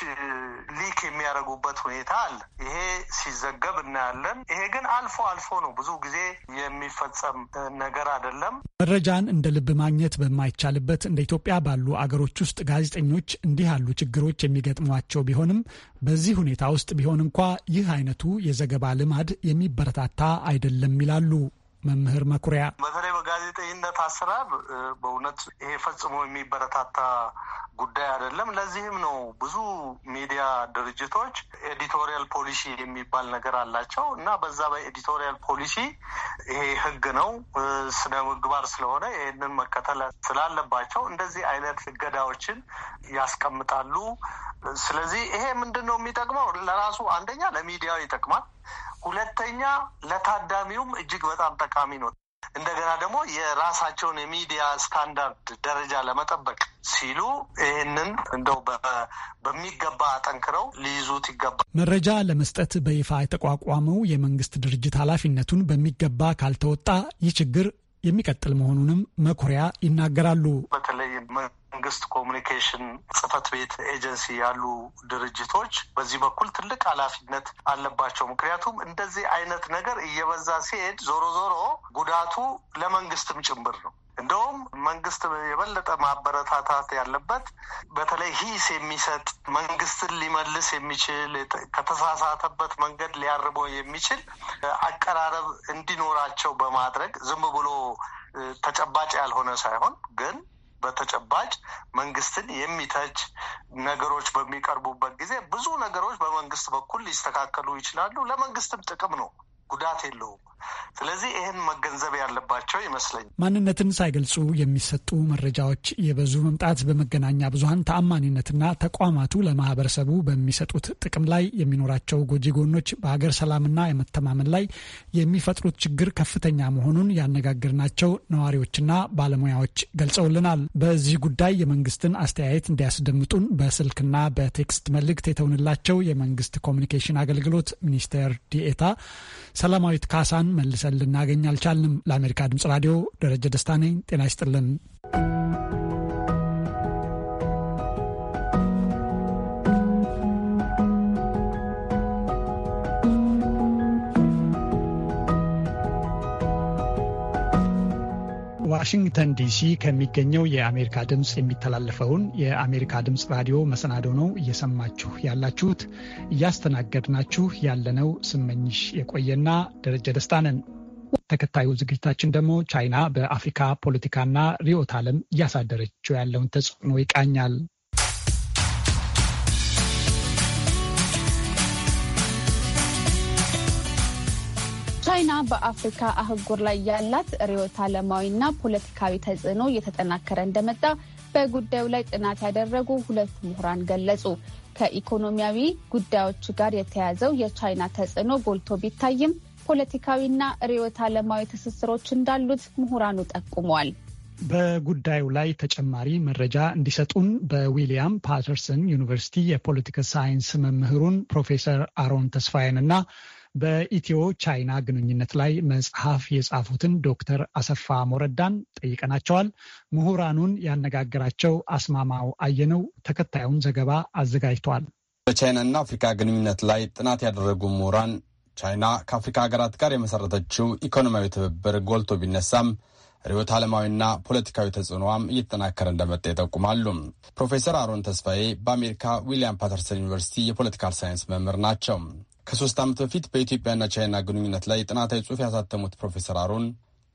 ሊክ የሚያደርጉበት ሁኔታ አለ። ይሄ ሲዘገብ እናያለን። ይሄ ግን አልፎ አልፎ ነው፣ ብዙ ጊዜ የሚፈጸም ነገር አይደለም። መረጃን እንደ ልብ ማግኘት በማይቻልበት እንደ ኢትዮጵያ ባሉ አገሮች ውስጥ ጋዜጠኞች እንዲህ ያሉ ችግሮች የሚገጥሟቸው ቢሆንም በዚህ ሁኔታ ውስጥ ቢሆን እንኳ ይህ አይነቱ የዘገባ ልማድ የሚበረታታ አይደለም ይላሉ። መምህር መኩሪያ በተለይ በጋዜጠኝነት አሰራር በእውነት ይሄ ፈጽሞ የሚበረታታ ጉዳይ አይደለም። ለዚህም ነው ብዙ ሚዲያ ድርጅቶች ኤዲቶሪያል ፖሊሲ የሚባል ነገር አላቸው እና በዛ በኤዲቶሪያል ፖሊሲ ይሄ ህግ ነው ስነ ምግባር ስለሆነ ይህንን መከተል ስላለባቸው እንደዚህ አይነት እገዳዎችን ያስቀምጣሉ። ስለዚህ ይሄ ምንድን ነው የሚጠቅመው? ለራሱ አንደኛ ለሚዲያው ይጠቅማል። ሁለተኛ ለታዳሚውም እጅግ በጣም ጠቃሚ ነው። እንደገና ደግሞ የራሳቸውን የሚዲያ ስታንዳርድ ደረጃ ለመጠበቅ ሲሉ ይህንን እንደው በሚገባ አጠንክረው ሊይዙት ይገባል። መረጃ ለመስጠት በይፋ የተቋቋመው የመንግስት ድርጅት ኃላፊነቱን በሚገባ ካልተወጣ ይህ ችግር የሚቀጥል መሆኑንም መኩሪያ ይናገራሉ። በተለይ መንግስት ኮሚኒኬሽን ጽህፈት ቤት ኤጀንሲ ያሉ ድርጅቶች በዚህ በኩል ትልቅ ኃላፊነት አለባቸው። ምክንያቱም እንደዚህ አይነት ነገር እየበዛ ሲሄድ ዞሮ ዞሮ ጉዳቱ ለመንግስትም ጭምር ነው። እንደውም መንግስት የበለጠ ማበረታታት ያለበት በተለይ ሂስ የሚሰጥ መንግስትን ሊመልስ የሚችል ከተሳሳተበት መንገድ ሊያርበው የሚችል አቀራረብ እንዲኖራቸው በማድረግ ዝም ብሎ ተጨባጭ ያልሆነ ሳይሆን ግን በተጨባጭ መንግስትን የሚተች ነገሮች በሚቀርቡበት ጊዜ ብዙ ነገሮች በመንግስት በኩል ሊስተካከሉ ይችላሉ። ለመንግስትም ጥቅም ነው፣ ጉዳት የለውም። ስለዚህ ይህን መገንዘብ ያለባቸው ይመስለኛል። ማንነትን ሳይገልጹ የሚሰጡ መረጃዎች የበዙ መምጣት በመገናኛ ብዙኃን ተአማኒነትና ተቋማቱ ለማህበረሰቡ በሚሰጡት ጥቅም ላይ የሚኖራቸው ጎጂ ጎኖች በሀገር ሰላምና የመተማመን ላይ የሚፈጥሩት ችግር ከፍተኛ መሆኑን ያነጋገርናቸው ነዋሪዎችና ባለሙያዎች ገልጸውልናል። በዚህ ጉዳይ የመንግስትን አስተያየት እንዲያስደምጡን በስልክና በቴክስት መልእክት የተውንላቸው የመንግስት ኮሚኒኬሽን አገልግሎት ሚኒስቴር ዲኤታ ሰላማዊት ካሳን መልሰን ልናገኝ አልቻልንም። ለአሜሪካ ድምጽ ራዲዮ ደረጀ ደስታ ነኝ። ጤና ይስጥልን። ዋሽንግተን ዲሲ ከሚገኘው የአሜሪካ ድምፅ የሚተላለፈውን የአሜሪካ ድምፅ ራዲዮ መሰናዶ ነው እየሰማችሁ ያላችሁት። እያስተናገድናችሁ ያለነው ስመኝሽ የቆየና ደረጀ ደስታ ነን። ተከታዩ ዝግጅታችን ደግሞ ቻይና በአፍሪካ ፖለቲካና ርዕዮተ ዓለም እያሳደረችው ያለውን ተጽዕኖ ይቃኛል። በአፍሪካ አህጉር ላይ ያላት ርዕዮተ ዓለማዊና ፖለቲካዊ ተጽዕኖ እየተጠናከረ እንደመጣ በጉዳዩ ላይ ጥናት ያደረጉ ሁለት ምሁራን ገለጹ። ከኢኮኖሚያዊ ጉዳዮች ጋር የተያዘው የቻይና ተጽዕኖ ጎልቶ ቢታይም ፖለቲካዊና ርዕዮተ ዓለማዊ ትስስሮች እንዳሉት ምሁራኑ ጠቁመዋል። በጉዳዩ ላይ ተጨማሪ መረጃ እንዲሰጡን በዊሊያም ፓተርሰን ዩኒቨርሲቲ የፖለቲካ ሳይንስ መምህሩን ፕሮፌሰር አሮን ተስፋዬን እና በኢትዮ ቻይና ግንኙነት ላይ መጽሐፍ የጻፉትን ዶክተር አሰፋ ሞረዳን ጠይቀናቸዋል። ምሁራኑን ያነጋገራቸው አስማማው አየነው ተከታዩን ዘገባ አዘጋጅተዋል። በቻይናና አፍሪካ ግንኙነት ላይ ጥናት ያደረጉ ምሁራን ቻይና ከአፍሪካ ሀገራት ጋር የመሰረተችው ኢኮኖሚያዊ ትብብር ጎልቶ ቢነሳም ርዕዮተ ዓለማዊና ፖለቲካዊ ተጽዕኖዋም እየተጠናከረ እንደመጣ ይጠቁማሉ። ፕሮፌሰር አሮን ተስፋዬ በአሜሪካ ዊሊያም ፓተርሰን ዩኒቨርሲቲ የፖለቲካል ሳይንስ መምህር ናቸው። ከሶስት ዓመት በፊት በኢትዮጵያና ቻይና ግንኙነት ላይ ጥናታዊ ጽሑፍ ያሳተሙት ፕሮፌሰር አሮን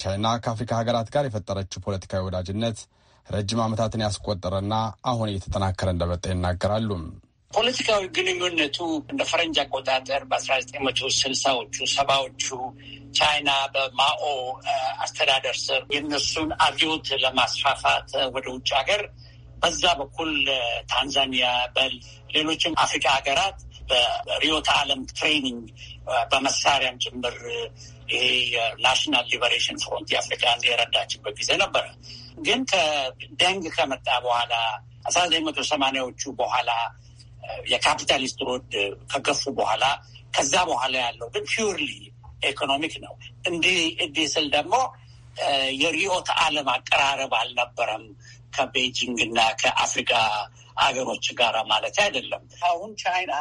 ቻይና ከአፍሪካ ሀገራት ጋር የፈጠረችው ፖለቲካዊ ወዳጅነት ረጅም ዓመታትን ያስቆጠረና አሁን እየተጠናከረ እንደመጣ ይናገራሉ። ፖለቲካዊ ግንኙነቱ እንደ ፈረንጅ አቆጣጠር በአስራ ዘጠኝ መቶ ስልሳዎቹ ሰባዎቹ ቻይና በማኦ አስተዳደር ስር የነሱን አብዮት ለማስፋፋት ወደ ውጭ ሀገር በዛ በኩል ታንዛኒያ በል ሌሎችም አፍሪካ ሀገራት በሪዮታ ዓለም ትሬኒንግ በመሳሪያም ጭምር ይሄ የናሽናል ሊበሬሽን ፍሮንት የአፍሪካ አንድ የረዳችበት ጊዜ ነበረ። ግን ከደንግ ከመጣ በኋላ አስራ ዘጠኝ መቶ ሰማንያዎቹ በኋላ የካፒታሊስት ሮድ ከገፉ በኋላ ከዛ በኋላ ያለው ግን ፒውርሊ ኢኮኖሚክ ነው። እንዲህ እንዲህ ስል ደግሞ የሪዮት ዓለም አቀራረብ አልነበረም ከቤጂንግ እና ከአፍሪካ አገሮች ጋር ማለት አይደለም። አሁን ቻይና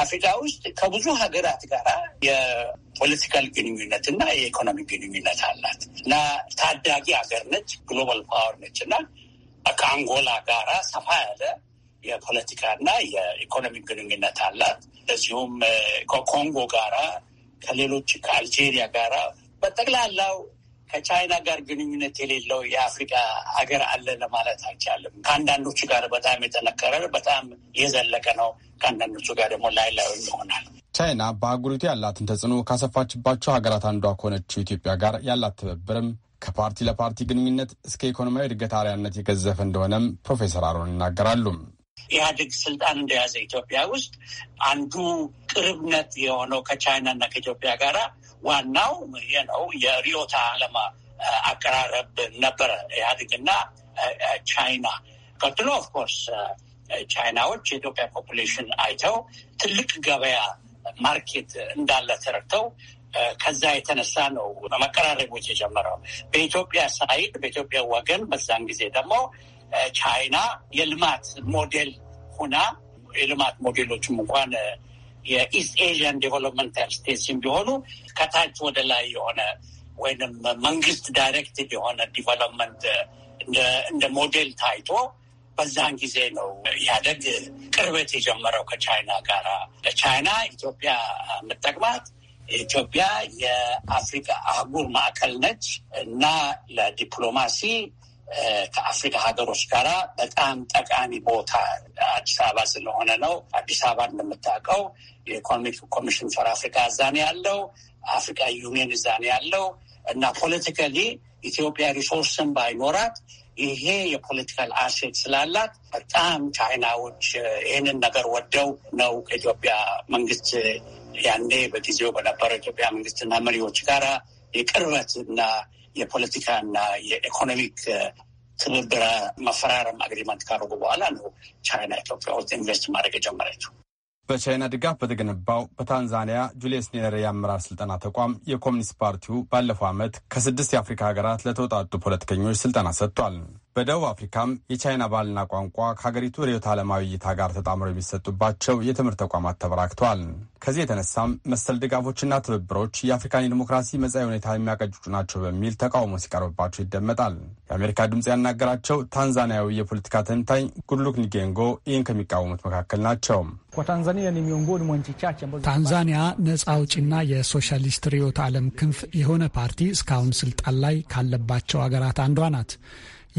አፍሪካ ውስጥ ከብዙ ሀገራት ጋር የፖለቲካል ግንኙነት እና የኢኮኖሚ ግንኙነት አላት እና ታዳጊ ሀገር ነች፣ ግሎባል ፓወር ነች እና ከአንጎላ ጋራ ሰፋ ያለ የፖለቲካ እና የኢኮኖሚ ግንኙነት አላት። እንደዚሁም ከኮንጎ ጋራ፣ ከሌሎች ከአልጄሪያ ጋራ በጠቅላላው ከቻይና ጋር ግንኙነት የሌለው የአፍሪካ ሀገር አለ ለማለት አይቻልም። ከአንዳንዶቹ ጋር በጣም የጠነከረ በጣም የዘለቀ ነው። ከአንዳንዶቹ ጋር ደግሞ ላይ ላዩ ይሆናል። ቻይና በአህጉሪቱ ያላትን ተጽዕኖ ካሰፋችባቸው ሀገራት አንዷ ከሆነችው ኢትዮጵያ ጋር ያላት ትብብርም ከፓርቲ ለፓርቲ ግንኙነት እስከ ኢኮኖሚያዊ እድገት አርያነት የገዘፈ እንደሆነም ፕሮፌሰር አሮን ይናገራሉ። ኢህአዴግ ስልጣን እንደያዘ ኢትዮጵያ ውስጥ አንዱ ቅርብነት የሆነው ከቻይና እና ከኢትዮጵያ ጋራ ዋናው ነው የሪዮታ ዓለም አቀራረብ ነበረ ኢህአዴግ ኢህአዴግና ቻይና። ቀጥሎ ኦፍኮርስ ቻይናዎች የኢትዮጵያ ፖፑሌሽን አይተው ትልቅ ገበያ ማርኬት እንዳለ ተረድተው ከዛ የተነሳ ነው መቀራረቦች የጀመረው። በኢትዮጵያ ሳይድ በኢትዮጵያ ወገን በዛን ጊዜ ደግሞ ቻይና የልማት ሞዴል ሁና የልማት ሞዴሎችም እንኳን የኢስት ኤዥያን ዴቨሎፕመንታል ስቴትስም ቢሆኑ ከታች ወደ ላይ የሆነ ወይም መንግስት ዳይሬክት የሆነ ዲቨሎፕመንት እንደ ሞዴል ታይቶ በዛን ጊዜ ነው ያደግ ቅርበት የጀመረው ከቻይና ጋር። ለቻይና ኢትዮጵያ የምጠቅማት ኢትዮጵያ የአፍሪካ አህጉር ማዕከል ነች እና ለዲፕሎማሲ ከአፍሪካ ሀገሮች ጋራ በጣም ጠቃሚ ቦታ አዲስ አበባ ስለሆነ ነው። አዲስ አበባ እንደምታውቀው የኢኮኖሚክ ኮሚሽን ፎር አፍሪካ እዛን ያለው። አፍሪካ ዩኒየን እዛን ያለው እና ፖለቲካሊ ኢትዮጵያ ሪሶርስን ባይኖራት ይሄ የፖለቲካል አሴት ስላላት በጣም ቻይናዎች ይህንን ነገር ወደው ነው ከኢትዮጵያ መንግስት ያኔ በጊዜው በነበረው ኢትዮጵያ መንግስትና መሪዎች ጋራ የቅርበት እና የፖለቲካና የኢኮኖሚክ ትብብር መፈራረም አግሪመንት ካደረጉ በኋላ ነው ቻይና ኢትዮጵያ ውስጥ ኢንቨስት ማድረግ የጀመረችው። በቻይና ድጋፍ በተገነባው በታንዛኒያ ጁልየስ ኔሬሬ የአመራር ስልጠና ተቋም የኮሚኒስት ፓርቲው ባለፈው ዓመት ከስድስት የአፍሪካ ሀገራት ለተውጣጡ ፖለቲከኞች ስልጠና ሰጥቷል። በደቡብ አፍሪካም የቻይና ባህልና ቋንቋ ከሀገሪቱ ርዕዮተ ዓለማዊ እይታ ጋር ተጣምረው የሚሰጡባቸው የትምህርት ተቋማት ተበራክተዋል። ከዚህ የተነሳም መሰል ድጋፎችና ትብብሮች የአፍሪካን የዲሞክራሲ መጻኢ ሁኔታ የሚያቀጭጩ ናቸው በሚል ተቃውሞ ሲቀርብባቸው ይደመጣል። የአሜሪካ ድምፅ ያናገራቸው ታንዛኒያዊ የፖለቲካ ተንታኝ ጉድሉክ ኒጌንጎ ይህን ከሚቃወሙት መካከል ናቸው። ታንዛኒያ ነጻ አውጪና የሶሻሊስት ርዕዮተ ዓለም ክንፍ የሆነ ፓርቲ እስካሁን ስልጣን ላይ ካለባቸው ሀገራት አንዷ ናት።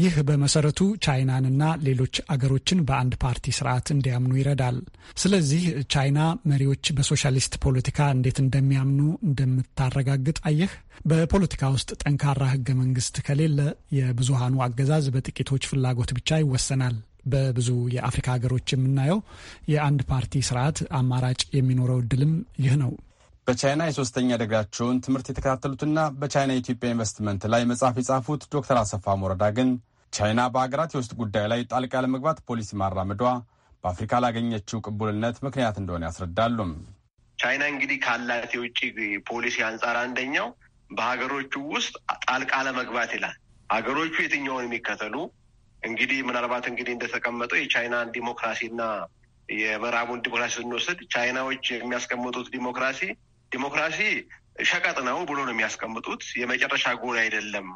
ይህ በመሰረቱ ቻይናንና ሌሎች አገሮችን በአንድ ፓርቲ ስርዓት እንዲያምኑ ይረዳል። ስለዚህ ቻይና መሪዎች በሶሻሊስት ፖለቲካ እንዴት እንደሚያምኑ እንደምታረጋግጥ አየህ። በፖለቲካ ውስጥ ጠንካራ ህገ መንግስት ከሌለ የብዙሃኑ አገዛዝ በጥቂቶች ፍላጎት ብቻ ይወሰናል። በብዙ የአፍሪካ ሀገሮች የምናየው የአንድ ፓርቲ ስርዓት አማራጭ የሚኖረው እድልም ይህ ነው። በቻይና የሶስተኛ ደረጃቸውን ትምህርት የተከታተሉትና በቻይና የኢትዮጵያ ኢንቨስትመንት ላይ መጽሐፍ የጻፉት ዶክተር አሰፋ ሞረዳ ግን ቻይና በሀገራት የውስጥ ጉዳይ ላይ ጣልቃ ለመግባት ፖሊሲ ማራመዷ በአፍሪካ ላገኘችው ቅቡልነት ምክንያት እንደሆነ ያስረዳሉ። ቻይና እንግዲህ ካላት የውጭ ፖሊሲ አንጻር አንደኛው በሀገሮቹ ውስጥ ጣልቃ ለመግባት ይላል። ሀገሮቹ የትኛውን የሚከተሉ እንግዲህ ምናልባት እንግዲህ እንደተቀመጠው የቻይናን ዲሞክራሲና የምዕራቡን ዲሞክራሲ ስንወስድ ቻይናዎች የሚያስቀምጡት ዲሞክራሲ ዲሞክራሲ ሸቀጥ ነው ብሎ ነው የሚያስቀምጡት። የመጨረሻ ጎል አይደለም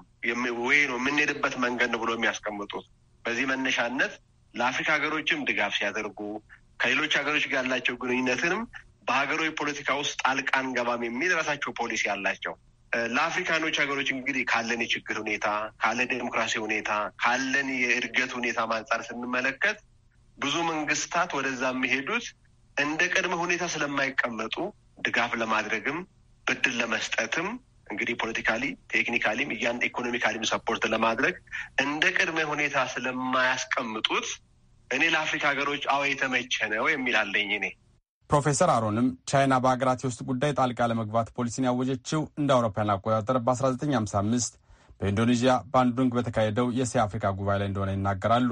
ወይ ነው የምንሄድበት መንገድ ነው ብሎ የሚያስቀምጡት። በዚህ መነሻነት ለአፍሪካ ሀገሮችም ድጋፍ ሲያደርጉ ከሌሎች ሀገሮች ጋር ያላቸው ግንኙነትንም በሀገራዊ ፖለቲካ ውስጥ ጣልቃ አንገባም የሚል ራሳቸው ፖሊሲ አላቸው። ለአፍሪካኖች ሀገሮች እንግዲህ ካለን የችግር ሁኔታ ካለን ዴሞክራሲ ሁኔታ ካለን የእድገት ሁኔታ ማንጻር ስንመለከት ብዙ መንግስታት ወደዛ የሚሄዱት እንደ ቅድመ ሁኔታ ስለማይቀመጡ ድጋፍ ለማድረግም ብድር ለመስጠትም እንግዲህ ፖለቲካሊ ቴክኒካሊም እያን ኢኮኖሚካሊም ሰፖርት ለማድረግ እንደ ቅድመ ሁኔታ ስለማያስቀምጡት እኔ ለአፍሪካ ሀገሮች አዎ የተመቸ ነው የሚላለኝ እኔ ፕሮፌሰር አሮንም ቻይና በሀገራት የውስጥ ጉዳይ ጣልቃ ለመግባት ፖሊሲን ያወጀችው እንደ አውሮፓያን አቆጣጠር በ1955 በኢንዶኔዥያ ባንዱንግ በተካሄደው የእስያ አፍሪካ ጉባኤ ላይ እንደሆነ ይናገራሉ።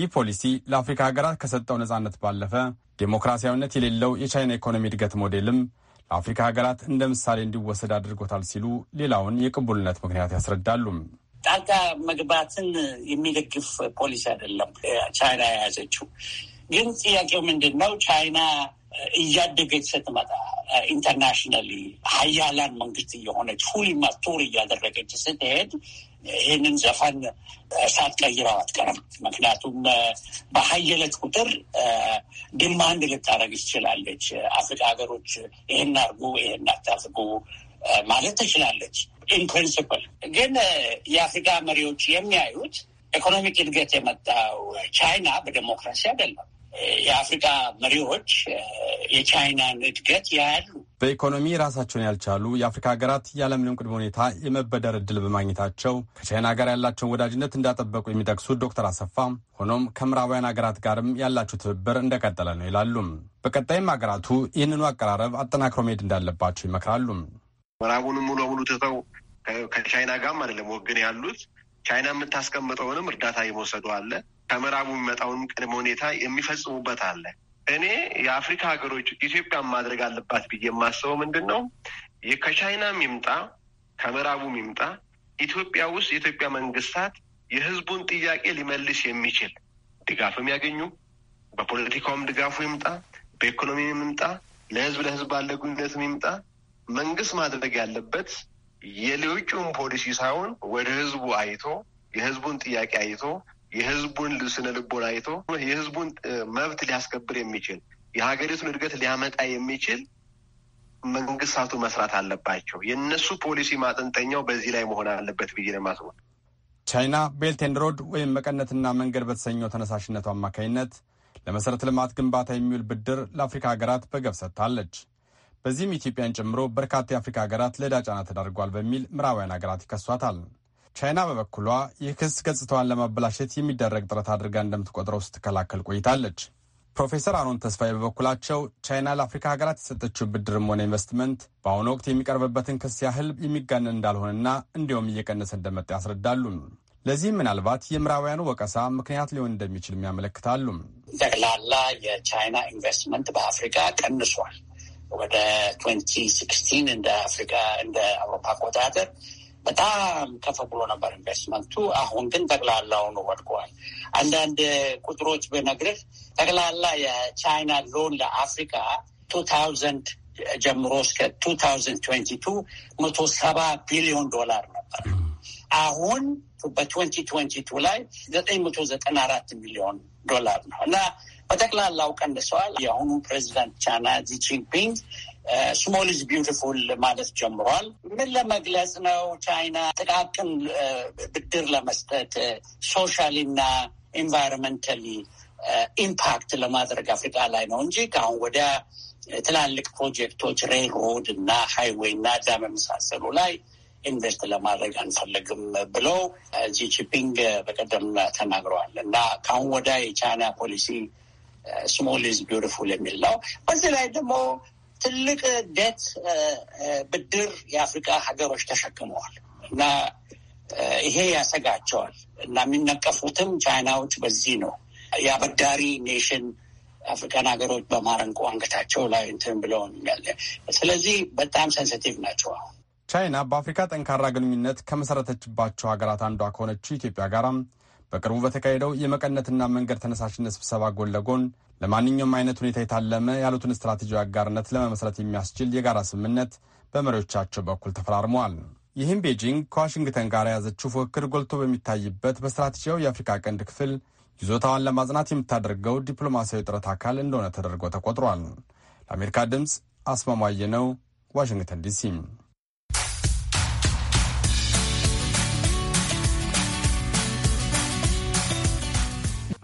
ይህ ፖሊሲ ለአፍሪካ ሀገራት ከሰጠው ነጻነት ባለፈ ዴሞክራሲያዊነት የሌለው የቻይና ኢኮኖሚ እድገት ሞዴልም ለአፍሪካ ሀገራት እንደ ምሳሌ እንዲወሰድ አድርጎታል ሲሉ ሌላውን የቅቡልነት ምክንያት ያስረዳሉ። ጣልቃ መግባትን የሚደግፍ ፖሊሲ አይደለም ቻይና የያዘችው። ግን ጥያቄው ምንድን ነው? ቻይና እያደገች ስትመጣ ኢንተርናሽናል ሀያላን መንግስት እየሆነች ፉል ማቶር እያደረገች ስትሄድ ይህንን ዘፈን ሳትቀይረው አትቀርም። ምክንያቱም በሀየለት ቁጥር ዲማንድ ልታደረግ ትችላለች። አፍሪካ ሀገሮች ይህን አርጉ ይህን አታርጉ ማለት ትችላለች። ኢን ግን የአፍሪካ መሪዎች የሚያዩት ኢኮኖሚክ እድገት የመጣው ቻይና በዴሞክራሲ አይደለም የአፍሪካ መሪዎች የቻይናን እድገት ያያሉ። በኢኮኖሚ ራሳቸውን ያልቻሉ የአፍሪካ ሀገራት ያለምንም ቅድመ ሁኔታ የመበደር እድል በማግኘታቸው ከቻይና ጋር ያላቸውን ወዳጅነት እንዳጠበቁ የሚጠቅሱት ዶክተር አሰፋ ሆኖም ከምዕራባውያን ሀገራት ጋርም ያላቸው ትብብር እንደቀጠለ ነው ይላሉ። በቀጣይም ሀገራቱ ይህንኑ አቀራረብ አጠናክሮ መሄድ እንዳለባቸው ይመክራሉ። ምዕራቡንም ሙሉ ሙሉ ትተው ከቻይና ጋርም አይደለም ወግን ያሉት ቻይና የምታስቀምጠውንም እርዳታ የመውሰዱ አለ ከምዕራቡ የሚመጣውን ቅድመ ሁኔታ የሚፈጽሙበት አለ። እኔ የአፍሪካ ሀገሮች ኢትዮጵያን ማድረግ አለባት ብዬ የማስበው ምንድን ነው ከቻይናም ይምጣ ከምዕራቡም ይምጣ ኢትዮጵያ ውስጥ የኢትዮጵያ መንግስታት የህዝቡን ጥያቄ ሊመልስ የሚችል ድጋፍም ያገኙ በፖለቲካውም ድጋፉ ይምጣ፣ በኢኮኖሚም ይምጣ፣ ለህዝብ ለህዝብ ባለ ግንኙነትም ይምጣ። መንግስት ማድረግ ያለበት የሌሎቹን ፖሊሲ ሳይሆን ወደ ህዝቡ አይቶ የህዝቡን ጥያቄ አይቶ የህዝቡን ስነ ልቦና አይቶ የህዝቡን መብት ሊያስከብር የሚችል የሀገሪቱን እድገት ሊያመጣ የሚችል መንግስታቱ መስራት አለባቸው። የእነሱ ፖሊሲ ማጠንጠኛው በዚህ ላይ መሆን አለበት ብዬ ነው ቻይና ቤልት ኤንድ ሮድ ወይም መቀነትና መንገድ በተሰኘው ተነሳሽነቱ አማካኝነት ለመሠረተ ልማት ግንባታ የሚውል ብድር ለአፍሪካ ሀገራት በገብ ሰጥታለች። በዚህም ኢትዮጵያን ጨምሮ በርካታ የአፍሪካ ሀገራት ለዕዳ ጫና ተዳርጓል በሚል ምዕራባውያን ሀገራት ይከሷታል። ቻይና በበኩሏ ይህ ክስ ገጽታዋን ለማበላሸት የሚደረግ ጥረት አድርጋ እንደምትቆጥረው ስትከላከል ቆይታለች። ፕሮፌሰር አሮን ተስፋዬ በበኩላቸው ቻይና ለአፍሪካ ሀገራት የሰጠችው ብድርም ሆነ ኢንቨስትመንት በአሁኑ ወቅት የሚቀርብበትን ክስ ያህል የሚጋነን እንዳልሆነና እንዲሁም እየቀነሰ እንደመጣ ያስረዳሉ። ለዚህም ምናልባት የምዕራባውያኑ ወቀሳ ምክንያት ሊሆን እንደሚችል ያመለክታሉ። ጠቅላላ የቻይና ኢንቨስትመንት በአፍሪካ ቀንሷል። ወደ 2016 እንደ አፍሪካ እንደ አውሮፓ አቆጣጠር በጣም ከፍ ብሎ ነበር ኢንቨስትመንቱ። አሁን ግን ጠቅላላውን ወድቀዋል። አንዳንድ ቁጥሮች ብነግርህ ጠቅላላ የቻይና ሎን ለአፍሪካ ቱ ታውዘንድ ጀምሮ እስከ ቱ ታውዘንድ ትዌንቲ ቱ መቶ ሰባ ቢሊዮን ዶላር ነበር። አሁን በትዌንቲ ትዌንቲ ቱ ላይ ዘጠኝ መቶ ዘጠና አራት ሚሊዮን ዶላር ነው እና በጠቅላላው ቀንሰዋል። የአሁኑ ፕሬዚዳንት ቻይና ሺ ጂንፒንግ ስሞል ኢዝ ቢዩቲፉል ማለት ጀምሯል። ምን ለመግለጽ ነው? ቻይና ጥቃቅን ብድር ለመስጠት ሶሻሊ እና ኤንቫይሮንመንታሊ ኢምፓክት ለማድረግ አፍሪካ ላይ ነው እንጂ ከአሁን ወዲያ ትላልቅ ፕሮጀክቶች ሬልሮድ እና ሃይዌይ እና ዳም የመሳሰሉ ላይ ኢንቨስት ለማድረግ አንፈልግም ብለው ጂ ጂንፒንግ በቀደም ተናግረዋል እና ከአሁን ወዲያ የቻይና ፖሊሲ ስሞል ኢዝ ቢዩቲፉል የሚል ነው። በዚህ ላይ ደግሞ ትልቅ ዴት ብድር የአፍሪካ ሀገሮች ተሸክመዋል እና ይሄ ያሰጋቸዋል እና የሚነቀፉትም ቻይናዎች በዚህ ነው። የአበዳሪ ኔሽን አፍሪካን ሀገሮች በማረንቆ አንገታቸው ላይ እንትን ብለው ስለዚህ በጣም ሴንሲቲቭ ናቸው። አሁን ቻይና በአፍሪካ ጠንካራ ግንኙነት ከመሰረተችባቸው ሀገራት አንዷ ከሆነችው ኢትዮጵያ ጋራም በቅርቡ በተካሄደው የመቀነትና መንገድ ተነሳሽነት ስብሰባ ጎን ለጎን ለማንኛውም አይነት ሁኔታ የታለመ ያሉትን ስትራቴጂያዊ አጋርነት ለመመስረት የሚያስችል የጋራ ስምምነት በመሪዎቻቸው በኩል ተፈራርመዋል። ይህም ቤጂንግ ከዋሽንግተን ጋር የያዘችው ፉክክር ጎልቶ በሚታይበት በስትራቴጂያዊ የአፍሪካ ቀንድ ክፍል ይዞታዋን ለማጽናት የምታደርገው ዲፕሎማሲያዊ ጥረት አካል እንደሆነ ተደርጎ ተቆጥሯል። ለአሜሪካ ድምፅ አስማማየ ነው፣ ዋሽንግተን ዲሲ።